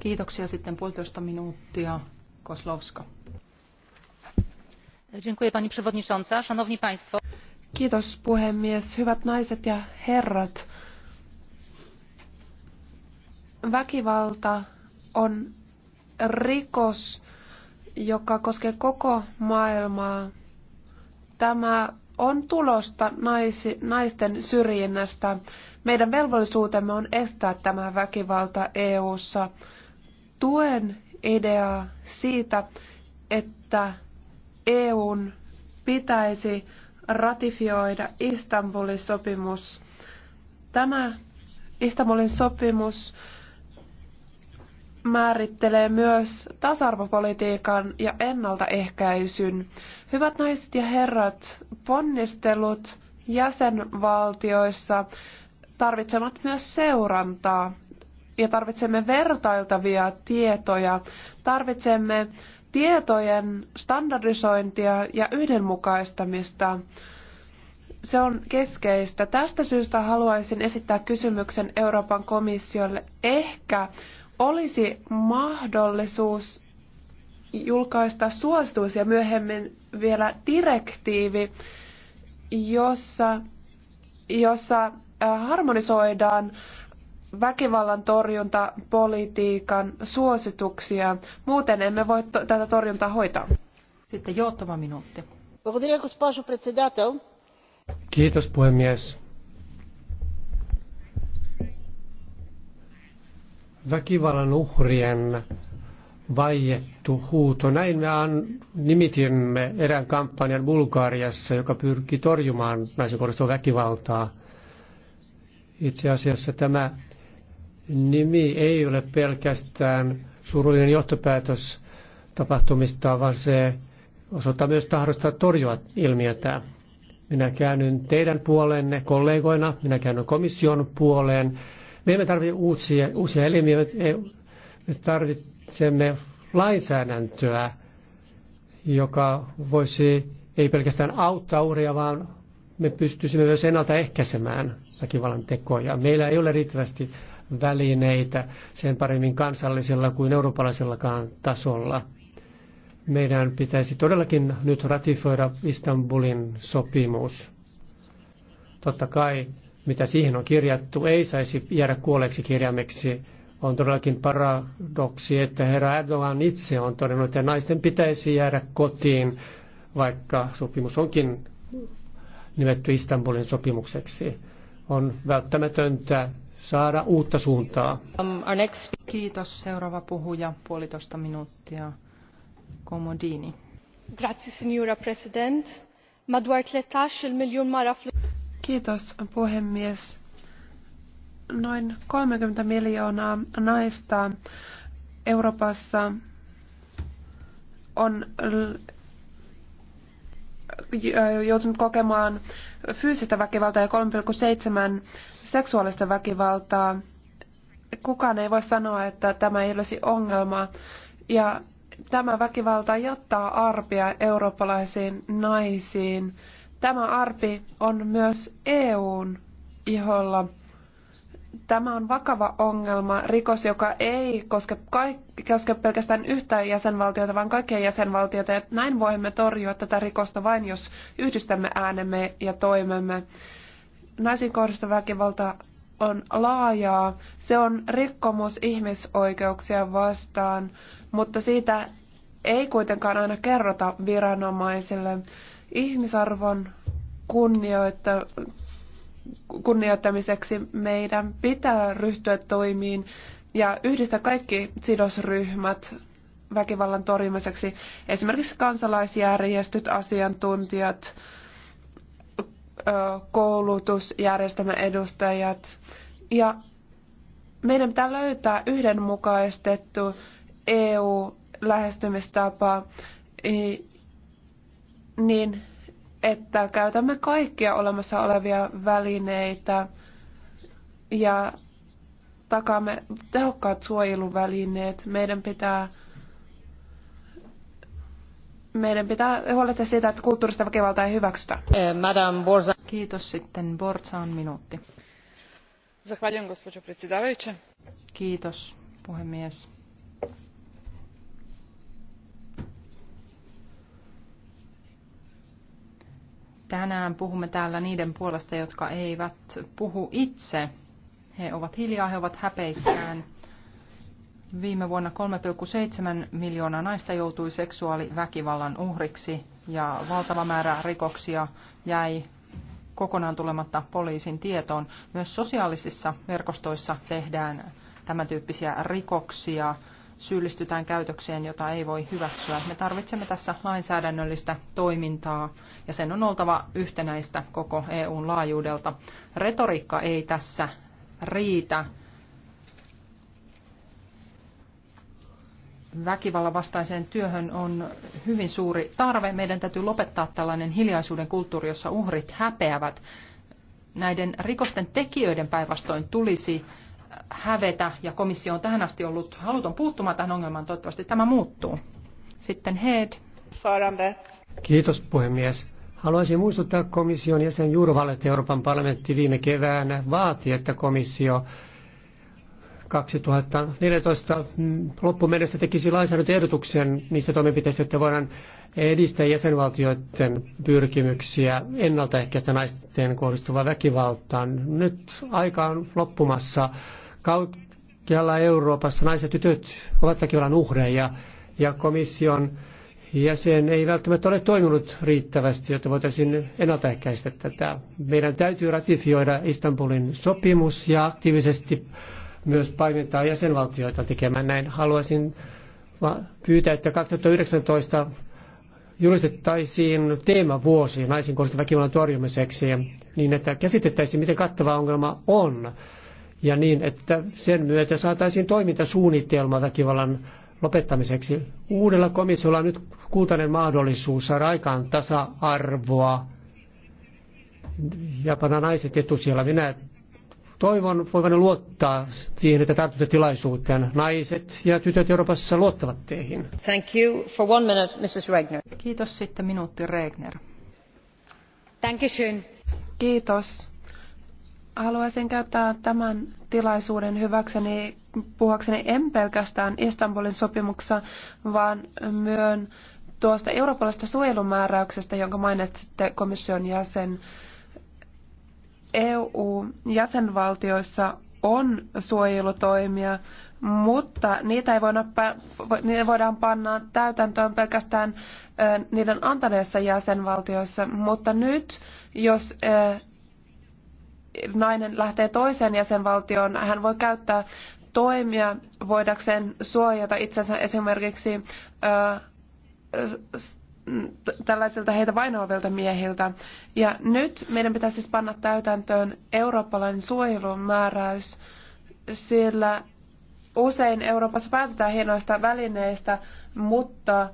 Kiitoksia sitten puolitoista minuuttia, Koslovska pani przewodnicząca! kiitos puhemies hyvät naiset ja herrat väkivalta on rikos joka koskee koko maailmaa. tämä on tulosta naisi, naisten syrjinnästä. meidän velvollisuutemme on estää tämä väkivalta eussa. tuen ideaa siitä että EUn pitäisi ratifioida Istanbulin sopimus. Tämä Istanbulin sopimus määrittelee myös tasa-arvopolitiikan ja ennaltaehkäisyn. Hyvät naiset ja herrat, ponnistelut jäsenvaltioissa tarvitsevat myös seurantaa ja tarvitsemme vertailtavia tietoja. Tarvitsemme tietojen standardisointia ja yhdenmukaistamista. Se on keskeistä. Tästä syystä haluaisin esittää kysymyksen Euroopan komissiolle. Ehkä olisi mahdollisuus julkaista suositus ja myöhemmin vielä direktiivi, jossa, jossa äh, harmonisoidaan väkivallan torjuntapolitiikan suosituksia. Muuten emme voi to- tätä torjuntaa hoitaa. Sitten johtava minuutti. Kiitos puhemies. Väkivallan uhrien vaiettu huuto. Näin me nimitimme erään kampanjan Bulgaariassa, joka pyrki torjumaan naisen väkivaltaa. Itse asiassa tämä nimi ei ole pelkästään surullinen johtopäätös tapahtumista, vaan se osoittaa myös tahdosta torjua ilmiötä. Minä käännyn teidän puoleenne kollegoina, minä käännyn komission puoleen. Me emme tarvitse uusia, uusia elimiä, me tarvitsemme lainsäädäntöä, joka voisi ei pelkästään auttaa uhria, vaan me pystyisimme myös ennaltaehkäisemään väkivallan tekoja. Meillä ei ole riittävästi välineitä sen paremmin kansallisella kuin eurooppalaisellakaan tasolla. Meidän pitäisi todellakin nyt ratifioida Istanbulin sopimus. Totta kai, mitä siihen on kirjattu, ei saisi jäädä kuolleeksi kirjaimeksi. On todellakin paradoksi, että herra Erdogan itse on todennut, että naisten pitäisi jäädä kotiin, vaikka sopimus onkin nimetty Istanbulin sopimukseksi. On välttämätöntä saada uutta suuntaa. Um, Kiitos. Seuraava puhuja, puolitoista minuuttia. Komodini. Grazie, signora president. Kiitos, puhemies. Noin 30 miljoonaa naista Euroopassa on joutunut kokemaan fyysistä väkivaltaa ja 3,7 seksuaalista väkivaltaa. Kukaan ei voi sanoa, että tämä ei olisi ongelma. Ja tämä väkivalta jättää arpia eurooppalaisiin naisiin. Tämä arpi on myös EUn iholla. Tämä on vakava ongelma, rikos, joka ei koske, kaik- koske pelkästään yhtä jäsenvaltiota, vaan kaikkia jäsenvaltioita. Ja näin voimme torjua tätä rikosta vain, jos yhdistämme äänemme ja toimemme. Naisiin kohdistuva väkivalta on laajaa. Se on rikkomus ihmisoikeuksia vastaan, mutta siitä ei kuitenkaan aina kerrota viranomaisille. Ihmisarvon kunnioittaminen kunnioittamiseksi meidän pitää ryhtyä toimiin ja yhdistää kaikki sidosryhmät väkivallan torjumiseksi, esimerkiksi kansalaisjärjestöt, asiantuntijat, koulutusjärjestelmän edustajat. Ja meidän pitää löytää yhdenmukaistettu EU-lähestymistapa niin, että käytämme kaikkia olemassa olevia välineitä ja takaamme tehokkaat suojeluvälineet. Meidän pitää meidän pitää huolehtia siitä, että kulttuurista väkivaltaa ei hyväksytä. Eh, Madame Borza. Kiitos sitten. Borza on minuutti. Kiitos, puhemies. Tänään puhumme täällä niiden puolesta, jotka eivät puhu itse. He ovat hiljaa, he ovat häpeissään. Viime vuonna 3,7 miljoonaa naista joutui seksuaaliväkivallan uhriksi ja valtava määrä rikoksia jäi kokonaan tulematta poliisin tietoon. Myös sosiaalisissa verkostoissa tehdään tämän tyyppisiä rikoksia syyllistytään käytökseen, jota ei voi hyväksyä. Me tarvitsemme tässä lainsäädännöllistä toimintaa ja sen on oltava yhtenäistä koko EUn laajuudelta. Retoriikka ei tässä riitä. väkivallan vastaiseen työhön on hyvin suuri tarve. Meidän täytyy lopettaa tällainen hiljaisuuden kulttuuri, jossa uhrit häpeävät. Näiden rikosten tekijöiden päinvastoin tulisi hävetä ja komissio on tähän asti ollut haluton puuttumaan tähän ongelmaan. Toivottavasti tämä muuttuu. Sitten Head. Kiitos puhemies. Haluaisin muistuttaa komission jäsen Jurvalle, että Euroopan parlamentti viime keväänä vaati, että komissio 2014 loppumennessä tekisi lainsäädäntöehdotuksen niistä toimenpiteistä, että voidaan edistää jäsenvaltioiden pyrkimyksiä ennaltaehkäistä naisten kohdistuvaa väkivaltaa. Nyt aika on loppumassa. Kaikkialla Euroopassa naiset ja tytöt ovat väkivallan uhreja ja komission jäsen ei välttämättä ole toiminut riittävästi, jotta voitaisiin ennaltaehkäistä tätä. Meidän täytyy ratifioida Istanbulin sopimus ja aktiivisesti myös paimentaa jäsenvaltioita tekemään näin. Haluaisin pyytää, että 2019 julistettaisiin teemavuosi naisiin kohdistuvan väkivallan torjumiseksi niin, että käsitettäisiin, miten kattava ongelma on ja niin, että sen myötä saataisiin toimintasuunnitelma väkivallan lopettamiseksi. Uudella komissiolla on nyt kultainen mahdollisuus saada aikaan tasa-arvoa ja panna naiset etusijalla. Minä Toivon voivani luottaa siihen, että tartutte tilaisuuteen. Naiset ja tytöt Euroopassa luottavat teihin. Thank you. For one minute, Mrs. Regner. Kiitos sitten minuutti Regner. Thank you. Kiitos. Haluaisin käyttää tämän tilaisuuden hyväkseni puhuakseni en pelkästään Istanbulin sopimuksessa, vaan myön tuosta eurooppalaisesta suojelumääräyksestä, jonka mainitsitte komission jäsen. EU-jäsenvaltioissa on suojelutoimia, mutta niitä ei voida, niitä voidaan panna täytäntöön pelkästään niiden antaneessa jäsenvaltiossa. Mutta nyt, jos nainen lähtee toiseen jäsenvaltioon, hän voi käyttää toimia voidakseen suojata itsensä esimerkiksi Mm, tällaisilta heitä vainoavilta miehiltä. Ja nyt meidän pitäisi siis panna täytäntöön eurooppalainen suojelun määräys, sillä usein Euroopassa päätetään hienoista välineistä, mutta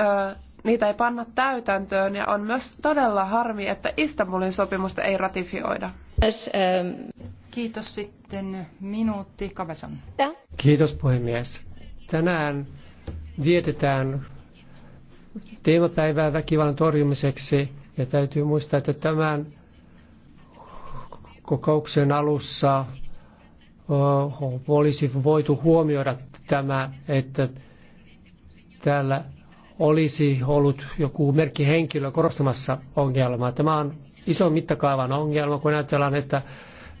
ö, niitä ei panna täytäntöön ja on myös todella harmi, että Istanbulin sopimusta ei ratifioida. Ähm. Kiitos sitten minuutti Kavesan. Kiitos puhemies. Tänään vietetään teemapäivää väkivallan torjumiseksi. Ja täytyy muistaa, että tämän kokouksen alussa olisi voitu huomioida tämä, että täällä olisi ollut joku merkkihenkilö korostamassa ongelmaa. Tämä on iso mittakaavan ongelma, kun ajatellaan, että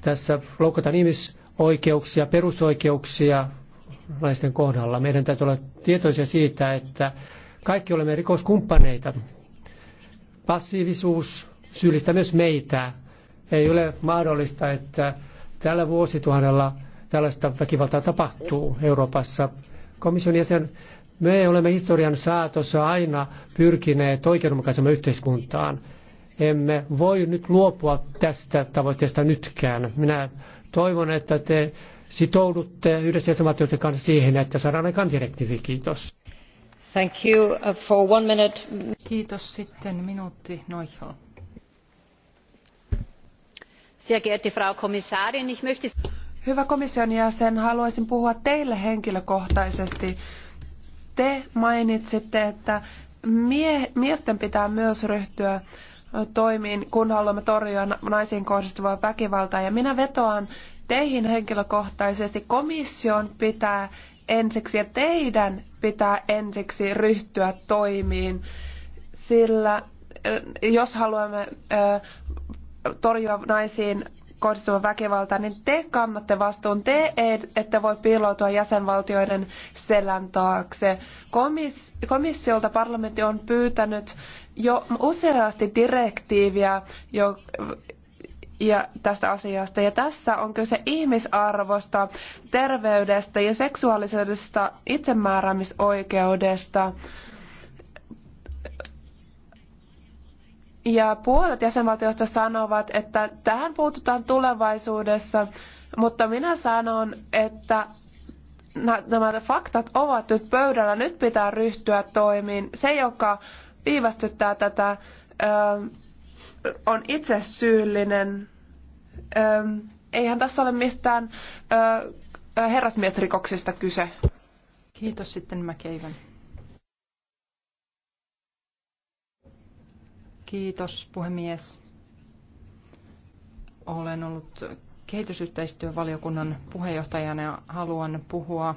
tässä loukataan ihmisoikeuksia, perusoikeuksia naisten kohdalla. Meidän täytyy olla tietoisia siitä, että kaikki olemme rikoskumppaneita. Passiivisuus syyllistää myös meitä. Ei ole mahdollista, että tällä vuosituhannella tällaista väkivaltaa tapahtuu Euroopassa. Komission jäsen, me olemme historian saatossa aina pyrkineet oikeudenmukaisemman yhteiskuntaan. Emme voi nyt luopua tästä tavoitteesta nytkään. Minä toivon, että te sitoudutte yhdessä jäsenvaltioiden kanssa siihen, että saadaan aikaan direktiivi. Kiitos. Uh, Kiitos sitten minuutti Hyvä komission jäsen, haluaisin puhua teille henkilökohtaisesti. Te mainitsitte, että mie- miesten pitää myös ryhtyä toimiin, kun haluamme torjua naisiin kohdistuvaa väkivaltaa. Ja minä vetoan teihin henkilökohtaisesti. Komission pitää ensiksi ja teidän pitää ensiksi ryhtyä toimiin, sillä eh, jos haluamme eh, torjua naisiin kohdistuva väkivalta, niin te kannatte vastuun. Te ette voi piiloutua jäsenvaltioiden selän taakse. komissiolta parlamentti on pyytänyt jo useasti direktiiviä, jo, ja tästä asiasta. Ja tässä on kyse ihmisarvosta, terveydestä ja seksuaalisesta itsemääräämisoikeudesta. Ja puolet jäsenvaltioista sanovat, että tähän puututaan tulevaisuudessa, mutta minä sanon, että nämä faktat ovat nyt pöydällä, nyt pitää ryhtyä toimiin. Se, joka viivästyttää tätä on itse syyllinen. Eihän tässä ole mistään herrasmiesrikoksista kyse. Kiitos sitten Mäkeivän. Kiitos puhemies. Olen ollut kehitysyhteistyövaliokunnan puheenjohtajana ja haluan puhua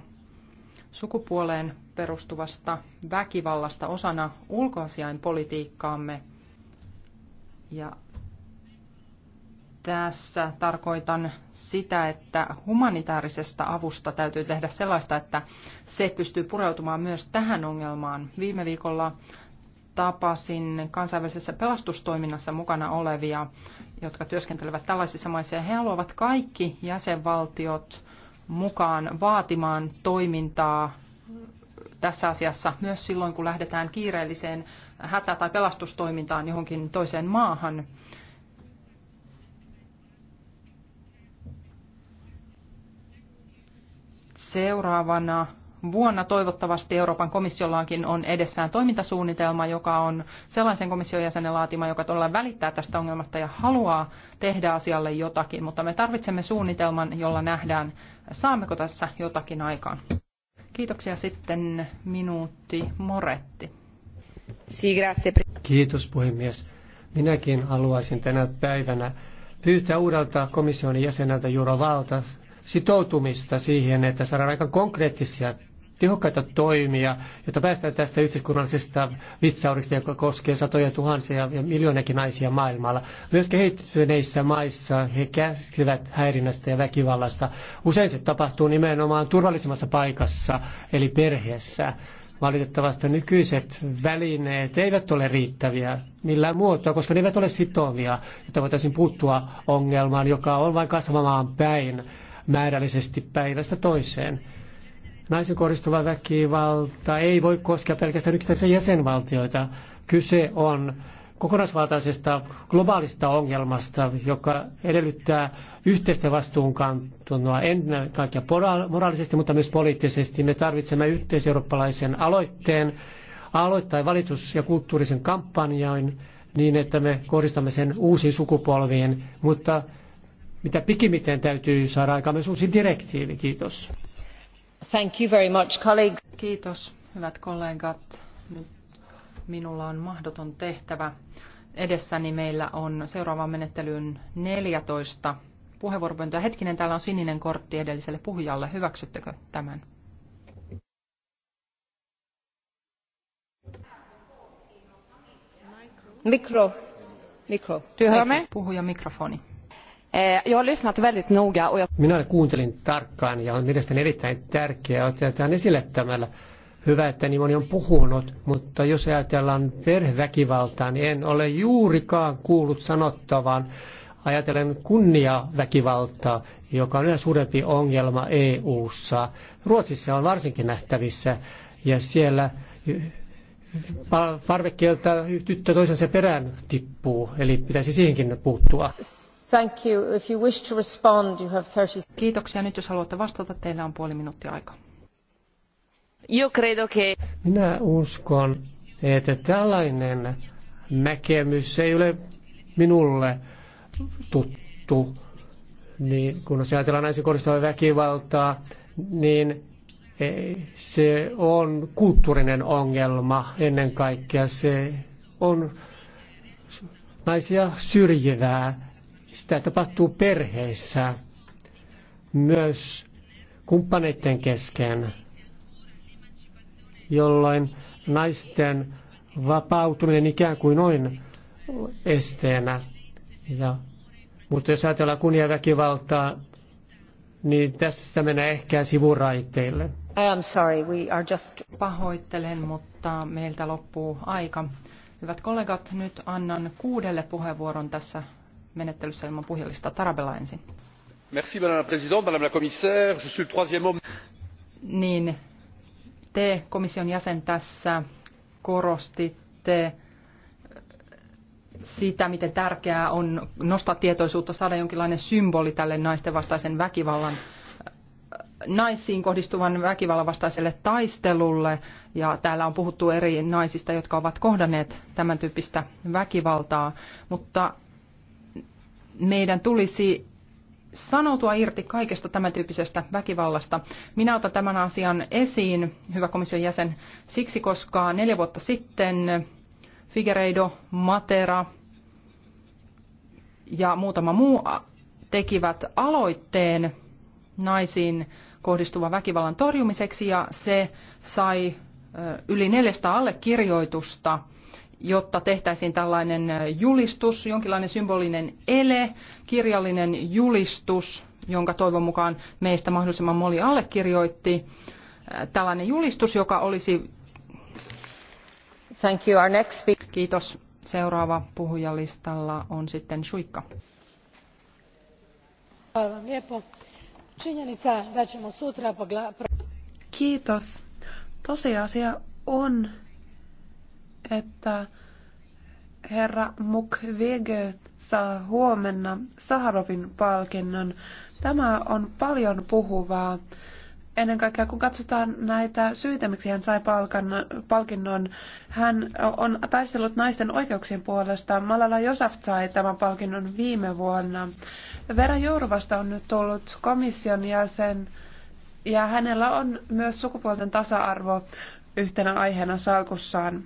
sukupuoleen perustuvasta väkivallasta osana ulkoasiainpolitiikkaamme. Ja tässä tarkoitan sitä, että humanitaarisesta avusta täytyy tehdä sellaista, että se pystyy pureutumaan myös tähän ongelmaan. Viime viikolla tapasin kansainvälisessä pelastustoiminnassa mukana olevia, jotka työskentelevät tällaisissa maissa, ja he haluavat kaikki jäsenvaltiot mukaan vaatimaan toimintaa tässä asiassa myös silloin, kun lähdetään kiireelliseen hätä- tai pelastustoimintaan johonkin toiseen maahan. Seuraavana vuonna toivottavasti Euroopan komissiollaankin on edessään toimintasuunnitelma, joka on sellaisen komission jäsenen laatima, joka todella välittää tästä ongelmasta ja haluaa tehdä asialle jotakin, mutta me tarvitsemme suunnitelman, jolla nähdään, saammeko tässä jotakin aikaan. Kiitoksia sitten minuutti Moretti. Kiitos puhemies. Minäkin haluaisin tänä päivänä pyytää uudelta komission jäseneltä Juro Valta sitoutumista siihen, että saadaan aika konkreettisia tehokkaita toimia, jotta päästään tästä yhteiskunnallisesta vitsaudesta, joka koskee satoja tuhansia ja miljoonakin naisia maailmalla. Myös kehittyneissä maissa he kärsivät häirinnästä ja väkivallasta. Usein se tapahtuu nimenomaan turvallisimmassa paikassa, eli perheessä. Valitettavasti nykyiset välineet eivät ole riittäviä millään muotoa, koska ne eivät ole sitovia, jotta voitaisiin puuttua ongelmaan, joka on vain kasvamaan päin määrällisesti päivästä toiseen. Naisen kohdistuva väkivalta ei voi koskea pelkästään yksittäisiä jäsenvaltioita. Kyse on kokonaisvaltaisesta globaalista ongelmasta, joka edellyttää yhteistä vastuunkantunnoa ennen kaikkea moraalisesti, mutta myös poliittisesti. Me tarvitsemme yhteiseurooppalaisen aloitteen, aloittain valitus- ja kulttuurisen kampanjoin niin, että me kohdistamme sen uusiin sukupolviin, mutta mitä pikimiten täytyy saada aikaan myös uusi direktiivi. Kiitos. Kiitos, hyvät kollegat. Nyt minulla on mahdoton tehtävä. Edessäni meillä on seuraavaan menettelyyn 14 puheenvuoropyyntöä. Hetkinen, täällä on sininen kortti edelliselle puhujalle. Hyväksyttekö tämän? Mikro. Mikro. Puhuja mikrofoni. Eh, jag har lyssnat väldigt noga och jag... Minä kuuntelin tarkkaan ja on mielestäni erittäin tärkeää otetaan esille tämällä. Hyvä, että niin moni on puhunut, mutta jos ajatellaan perheväkivaltaa, niin en ole juurikaan kuullut sanottavan ajatellen kunniaväkivaltaa, joka on yhä suurempi ongelma EU-ssa. Ruotsissa on varsinkin nähtävissä ja siellä parvekkeelta tyttö toisensa perään tippuu, eli pitäisi siihenkin puuttua. Kiitoksia. Nyt jos haluatte vastata, teillä on puoli minuuttia aikaa. Minä uskon, että tällainen näkemys ei ole minulle tuttu. Niin kun se ajatellaan naisiin kohdistuvaa väkivaltaa, niin se on kulttuurinen ongelma ennen kaikkea. Se on naisia syrjivää sitä tapahtuu perheissä, myös kumppaneiden kesken, jolloin naisten vapautuminen ikään kuin noin esteenä. Ja, mutta jos ajatellaan kunniaväkivaltaa, niin tästä mennään ehkä sivuraiteille. I am sorry, we are just... Pahoittelen, mutta meiltä loppuu aika. Hyvät kollegat, nyt annan kuudelle puheenvuoron tässä menettelyssä ilman puhelista. Tarabella ensin. Merci, madame la présidente, madame la commissaire. Je suis le troisième homme. Niin, te komission jäsen tässä korostitte äh, sitä, miten tärkeää on nostaa tietoisuutta, saada jonkinlainen symboli tälle naisten vastaisen väkivallan äh, naisiin kohdistuvan väkivallan vastaiselle taistelulle. Ja täällä on puhuttu eri naisista, jotka ovat kohdanneet tämän tyyppistä väkivaltaa. Mutta meidän tulisi sanoutua irti kaikesta tämän tyyppisestä väkivallasta. Minä otan tämän asian esiin, hyvä komission jäsen, siksi koska neljä vuotta sitten Figueiredo, Matera ja muutama muu tekivät aloitteen naisiin kohdistuvan väkivallan torjumiseksi ja se sai yli 400 allekirjoitusta jotta tehtäisiin tällainen julistus, jonkinlainen symbolinen ele, kirjallinen julistus, jonka toivon mukaan meistä mahdollisimman moni allekirjoitti. Äh, tällainen julistus, joka olisi... Thank you. Our next speaker... Kiitos. Seuraava puhujalistalla on sitten Suikka. Kiitos. Tosiasia on, että herra Mukwege saa huomenna Saharovin palkinnon. Tämä on paljon puhuvaa. Ennen kaikkea kun katsotaan näitä syitä, miksi hän sai palkan, palkinnon, hän on taistellut naisten oikeuksien puolesta. Malala Josaf sai tämän palkinnon viime vuonna. Vera Jourvasta on nyt tullut komission jäsen ja hänellä on myös sukupuolten tasa-arvo yhtenä aiheena salkussaan.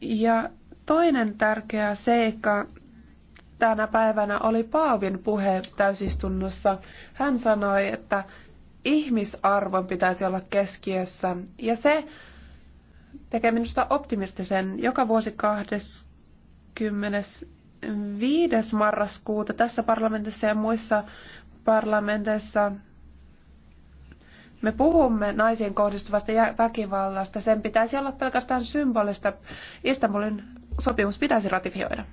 Ja toinen tärkeä seikka tänä päivänä oli Paavin puhe täysistunnossa. Hän sanoi, että ihmisarvon pitäisi olla keskiössä. Ja se tekee minusta optimistisen. Joka vuosi 25. marraskuuta tässä parlamentissa ja muissa parlamenteissa me puhumme naisiin kohdistuvasta väkivallasta, sen pitäisi olla pelkästään symbolista. Istanbulin sopimus pitäisi ratifioida.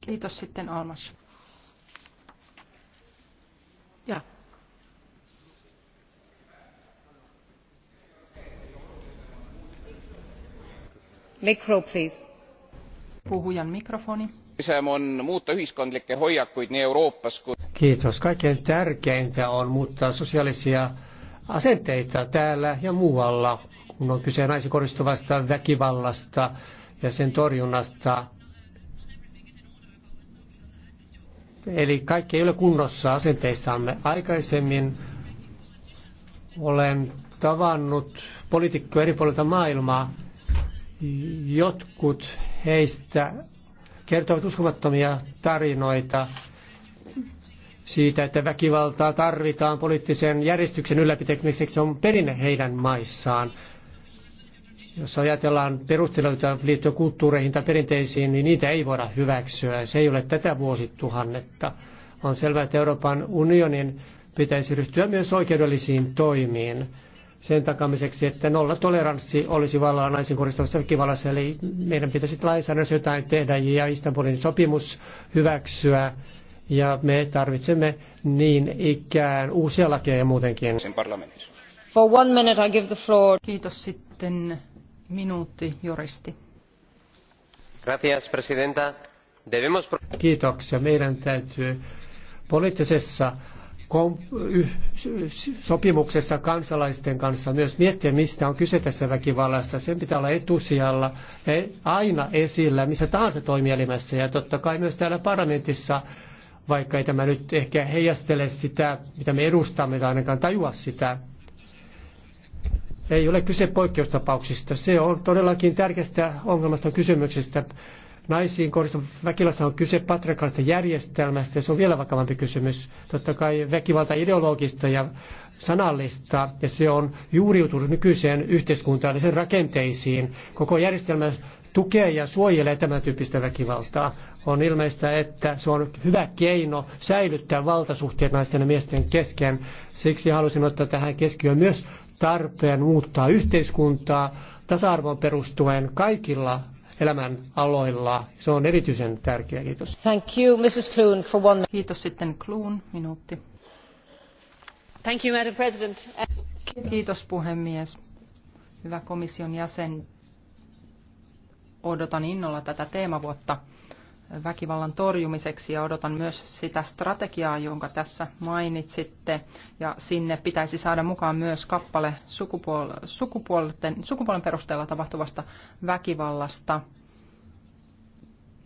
Kiitos sitten Olmas. Ja. Mikro, please. Puhujan mikrofoni. on muuttaa yhteiskunnallisia niin Euroopassa kuin... Kiitos. Kaikkein tärkeintä on muuttaa sosiaalisia asenteita täällä ja muualla, kun on kyse naisiin kohdistuvasta väkivallasta ja sen torjunnasta. Eli kaikki ei ole kunnossa asenteissamme. Aikaisemmin olen tavannut poliitikkoja eri puolilta maailmaa. Jotkut heistä kertovat uskomattomia tarinoita siitä, että väkivaltaa tarvitaan poliittisen järjestyksen ylläpitämiseksi, on perinne heidän maissaan. Jos ajatellaan perusteluita liittyen kulttuureihin tai perinteisiin, niin niitä ei voida hyväksyä. Se ei ole tätä vuosituhannetta. On selvää, että Euroopan unionin pitäisi ryhtyä myös oikeudellisiin toimiin sen takamiseksi, että nolla toleranssi olisi vallalla naisen kohdistuvassa väkivallassa. Eli meidän pitäisi lainsäädännössä jotain tehdä ja Istanbulin sopimus hyväksyä ja me tarvitsemme niin ikään uusia lakeja muutenkin. For one minute I give the floor. Kiitos sitten minuutti juristi. Gracias, presidenta. Debemos... Kiitoksia. Meidän täytyy poliittisessa sopimuksessa kansalaisten kanssa myös miettiä, mistä on kyse tässä väkivallassa. Sen pitää olla etusijalla e- aina esillä, missä tahansa toimielimessä ja totta kai myös täällä parlamentissa vaikka ei tämä nyt ehkä heijastele sitä, mitä me edustamme tai ainakaan tajua sitä. Ei ole kyse poikkeustapauksista. Se on todellakin tärkeästä ongelmasta kysymyksestä. Naisiin kohdistuvan väkivallassa on kyse patriarkaalista järjestelmästä ja se on vielä vakavampi kysymys. Totta kai väkivalta ideologista ja sanallista ja se on juuriutunut nykyiseen yhteiskuntaan ja sen rakenteisiin. Koko järjestelmä tukee ja suojelee tämän tyyppistä väkivaltaa. On ilmeistä, että se on hyvä keino säilyttää valtasuhteet naisten ja miesten kesken. Siksi halusin ottaa tähän keskiöön myös tarpeen muuttaa yhteiskuntaa tasa-arvon perustuen kaikilla elämän aloilla. Se on erityisen tärkeä. Kiitos. Thank you, Mrs. Kloon, for one... Kiitos sitten Kloon, minuutti. Thank you, Madam President. Kiitos puhemies. Hyvä komission jäsen odotan innolla tätä teemavuotta väkivallan torjumiseksi ja odotan myös sitä strategiaa, jonka tässä mainitsitte. Ja sinne pitäisi saada mukaan myös kappale sukupuol- sukupuolten, sukupuolen perusteella tapahtuvasta väkivallasta –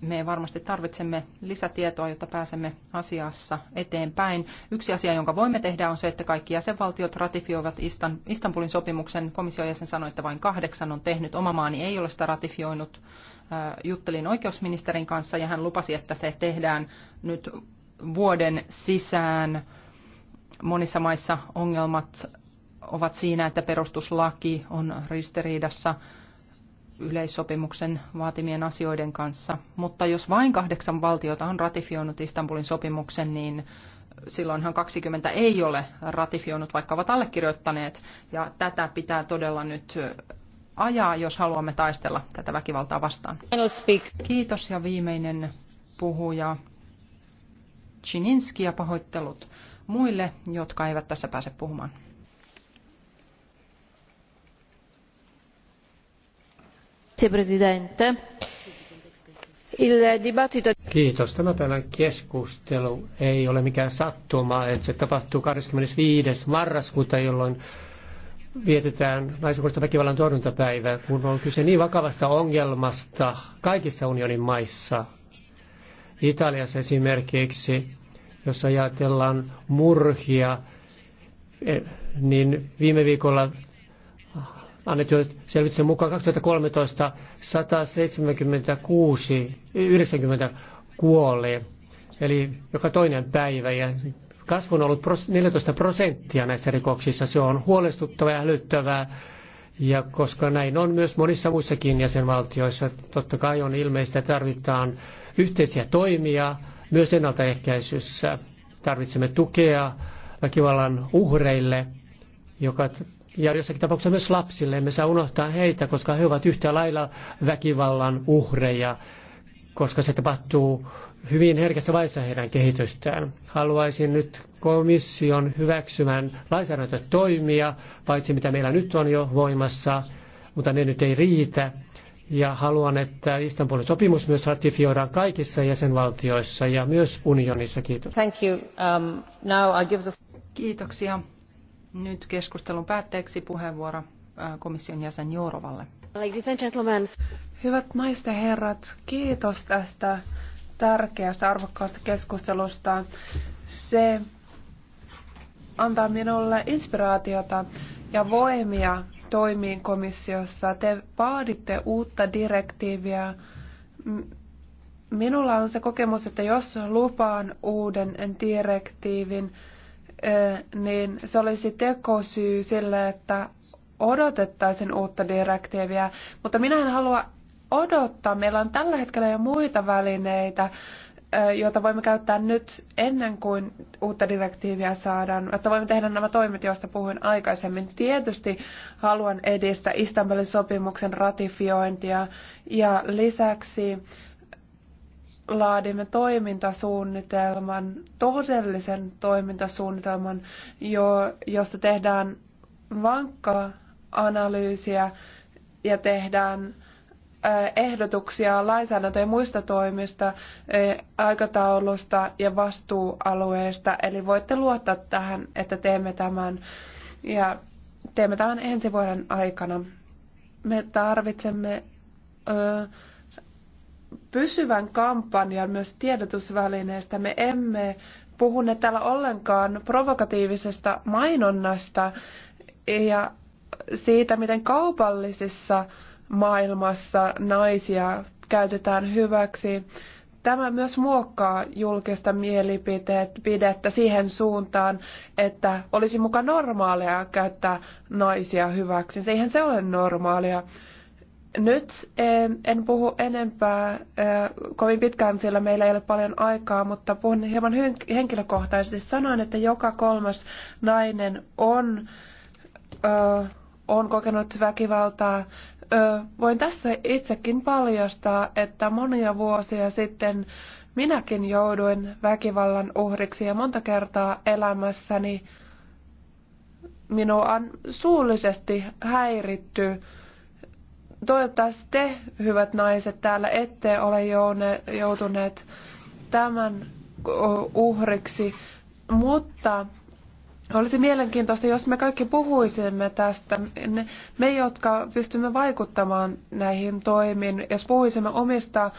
me varmasti tarvitsemme lisätietoa, jotta pääsemme asiassa eteenpäin. Yksi asia, jonka voimme tehdä, on se, että kaikki jäsenvaltiot ratifioivat Istanbulin sopimuksen. Komission jäsen sanoi, että vain kahdeksan on tehnyt. Oma maani ei ole sitä ratifioinut. Juttelin oikeusministerin kanssa ja hän lupasi, että se tehdään nyt vuoden sisään. Monissa maissa ongelmat ovat siinä, että perustuslaki on ristiriidassa yleissopimuksen vaatimien asioiden kanssa. Mutta jos vain kahdeksan valtiota on ratifioinut Istanbulin sopimuksen, niin silloinhan 20 ei ole ratifioinut, vaikka ovat allekirjoittaneet. Ja tätä pitää todella nyt ajaa, jos haluamme taistella tätä väkivaltaa vastaan. Kiitos ja viimeinen puhuja Chininski ja pahoittelut muille, jotka eivät tässä pääse puhumaan. Kiitos. Tämän päivän keskustelu ei ole mikään sattuma, että se tapahtuu 25. marraskuuta, jolloin vietetään naisikoista väkivallan torjuntapäivää, kun on kyse niin vakavasta ongelmasta kaikissa unionin maissa. Italiassa esimerkiksi, jos ajatellaan murhia, niin viime viikolla annetun selvityksen mukaan 2013 176, 90 kuolee, eli joka toinen päivä. Ja kasvu on ollut 14 prosenttia näissä rikoksissa. Se on huolestuttavaa ja hälyttävää. Ja koska näin on myös monissa muissakin jäsenvaltioissa, totta kai on ilmeistä, että tarvitaan yhteisiä toimia myös ennaltaehkäisyssä. Tarvitsemme tukea väkivallan uhreille, joka ja jossakin tapauksessa myös lapsille. Emme saa unohtaa heitä, koska he ovat yhtä lailla väkivallan uhreja, koska se tapahtuu hyvin herkässä vaiheessa heidän kehitystään. Haluaisin nyt komission hyväksymän lainsäädäntötoimia, paitsi mitä meillä nyt on jo voimassa, mutta ne nyt ei riitä. Ja haluan, että Istanbulin sopimus myös ratifioidaan kaikissa jäsenvaltioissa ja myös unionissa. Kiitos. Thank you. Um, now I give the... Kiitoksia. Nyt keskustelun päätteeksi puheenvuoro komission jäsen Jourovalle. Ladies and gentlemen. Hyvät naiset ja herrat, kiitos tästä tärkeästä arvokkaasta keskustelusta. Se antaa minulle inspiraatiota ja voimia toimiin komissiossa. Te vaaditte uutta direktiiviä. Minulla on se kokemus, että jos lupaan uuden direktiivin, niin se olisi tekosyy sille, että odotettaisiin uutta direktiiviä. Mutta minä en halua odottaa. Meillä on tällä hetkellä jo muita välineitä, joita voimme käyttää nyt ennen kuin uutta direktiiviä saadaan, että voimme tehdä nämä toimet, joista puhuin aikaisemmin. Tietysti haluan edistää Istanbulin sopimuksen ratifiointia ja lisäksi laadimme toimintasuunnitelman, todellisen toimintasuunnitelman, jo, jossa tehdään vankka analyysiä ja tehdään ehdotuksia lainsäädäntö- ja muista toimista, aikataulusta ja vastuualueista. Eli voitte luottaa tähän, että teemme tämän ja teemme tämän ensi vuoden aikana. Me tarvitsemme pysyvän kampanjan myös tiedotusvälineistä. Me emme puhuneet täällä ollenkaan provokatiivisesta mainonnasta ja siitä, miten kaupallisessa maailmassa naisia käytetään hyväksi. Tämä myös muokkaa julkista mielipidettä siihen suuntaan, että olisi muka normaalia käyttää naisia hyväksi. Eihän se ole normaalia. Nyt en puhu enempää kovin pitkään, sillä meillä ei ole paljon aikaa, mutta puhun hieman henkilökohtaisesti. Sanoin, että joka kolmas nainen on, on kokenut väkivaltaa. Voin tässä itsekin paljastaa, että monia vuosia sitten minäkin jouduin väkivallan uhriksi ja monta kertaa elämässäni minua on suullisesti häiritty Toivottavasti te, hyvät naiset, täällä ette ole joutuneet tämän uhriksi, mutta olisi mielenkiintoista, jos me kaikki puhuisimme tästä, me jotka pystymme vaikuttamaan näihin toimiin, jos puhuisimme omista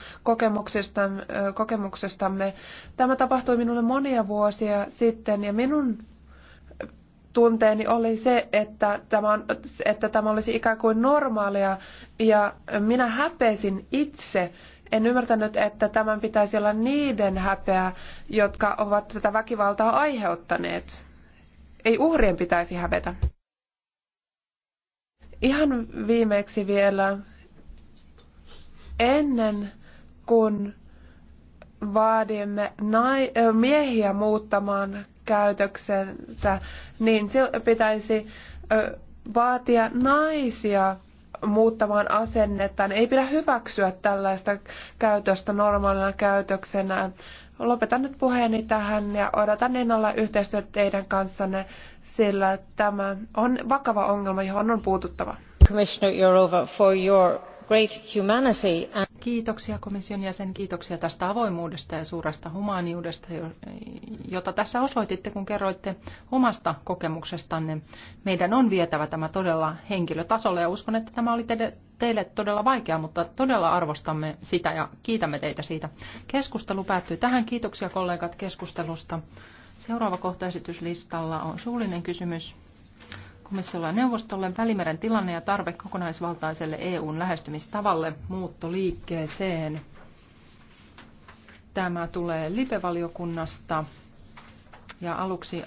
kokemuksistamme. Tämä tapahtui minulle monia vuosia sitten ja minun tunteeni oli se, että tämä, on, että tämä olisi ikään kuin normaalia ja minä häpeisin itse. En ymmärtänyt, että tämän pitäisi olla niiden häpeä, jotka ovat tätä väkivaltaa aiheuttaneet. Ei uhrien pitäisi hävetä. Ihan viimeksi vielä ennen kuin vaadimme miehiä muuttamaan käytöksensä, niin pitäisi vaatia naisia muuttamaan asennettaan. Ei pidä hyväksyä tällaista käytöstä normaalina käytöksenä. Lopetan nyt puheeni tähän ja odotan innolla yhteistyötä teidän kanssanne, sillä tämä on vakava ongelma, johon on puututtava. Commissioner Jourova, for your Kiitoksia komission jäsen, kiitoksia tästä avoimuudesta ja suuresta humaaniudesta jota tässä osoititte, kun kerroitte omasta kokemuksestanne. Meidän on vietävä tämä todella henkilötasolle ja uskon, että tämä oli teille todella vaikea, mutta todella arvostamme sitä ja kiitämme teitä siitä. Keskustelu päättyy tähän. Kiitoksia kollegat keskustelusta. Seuraava kohta esityslistalla on suullinen kysymys komissiolle ja neuvostolle Välimeren tilanne ja tarve kokonaisvaltaiselle EUn lähestymistavalle muuttoliikkeeseen. Tämä tulee lipevaliokunnasta ja aluksi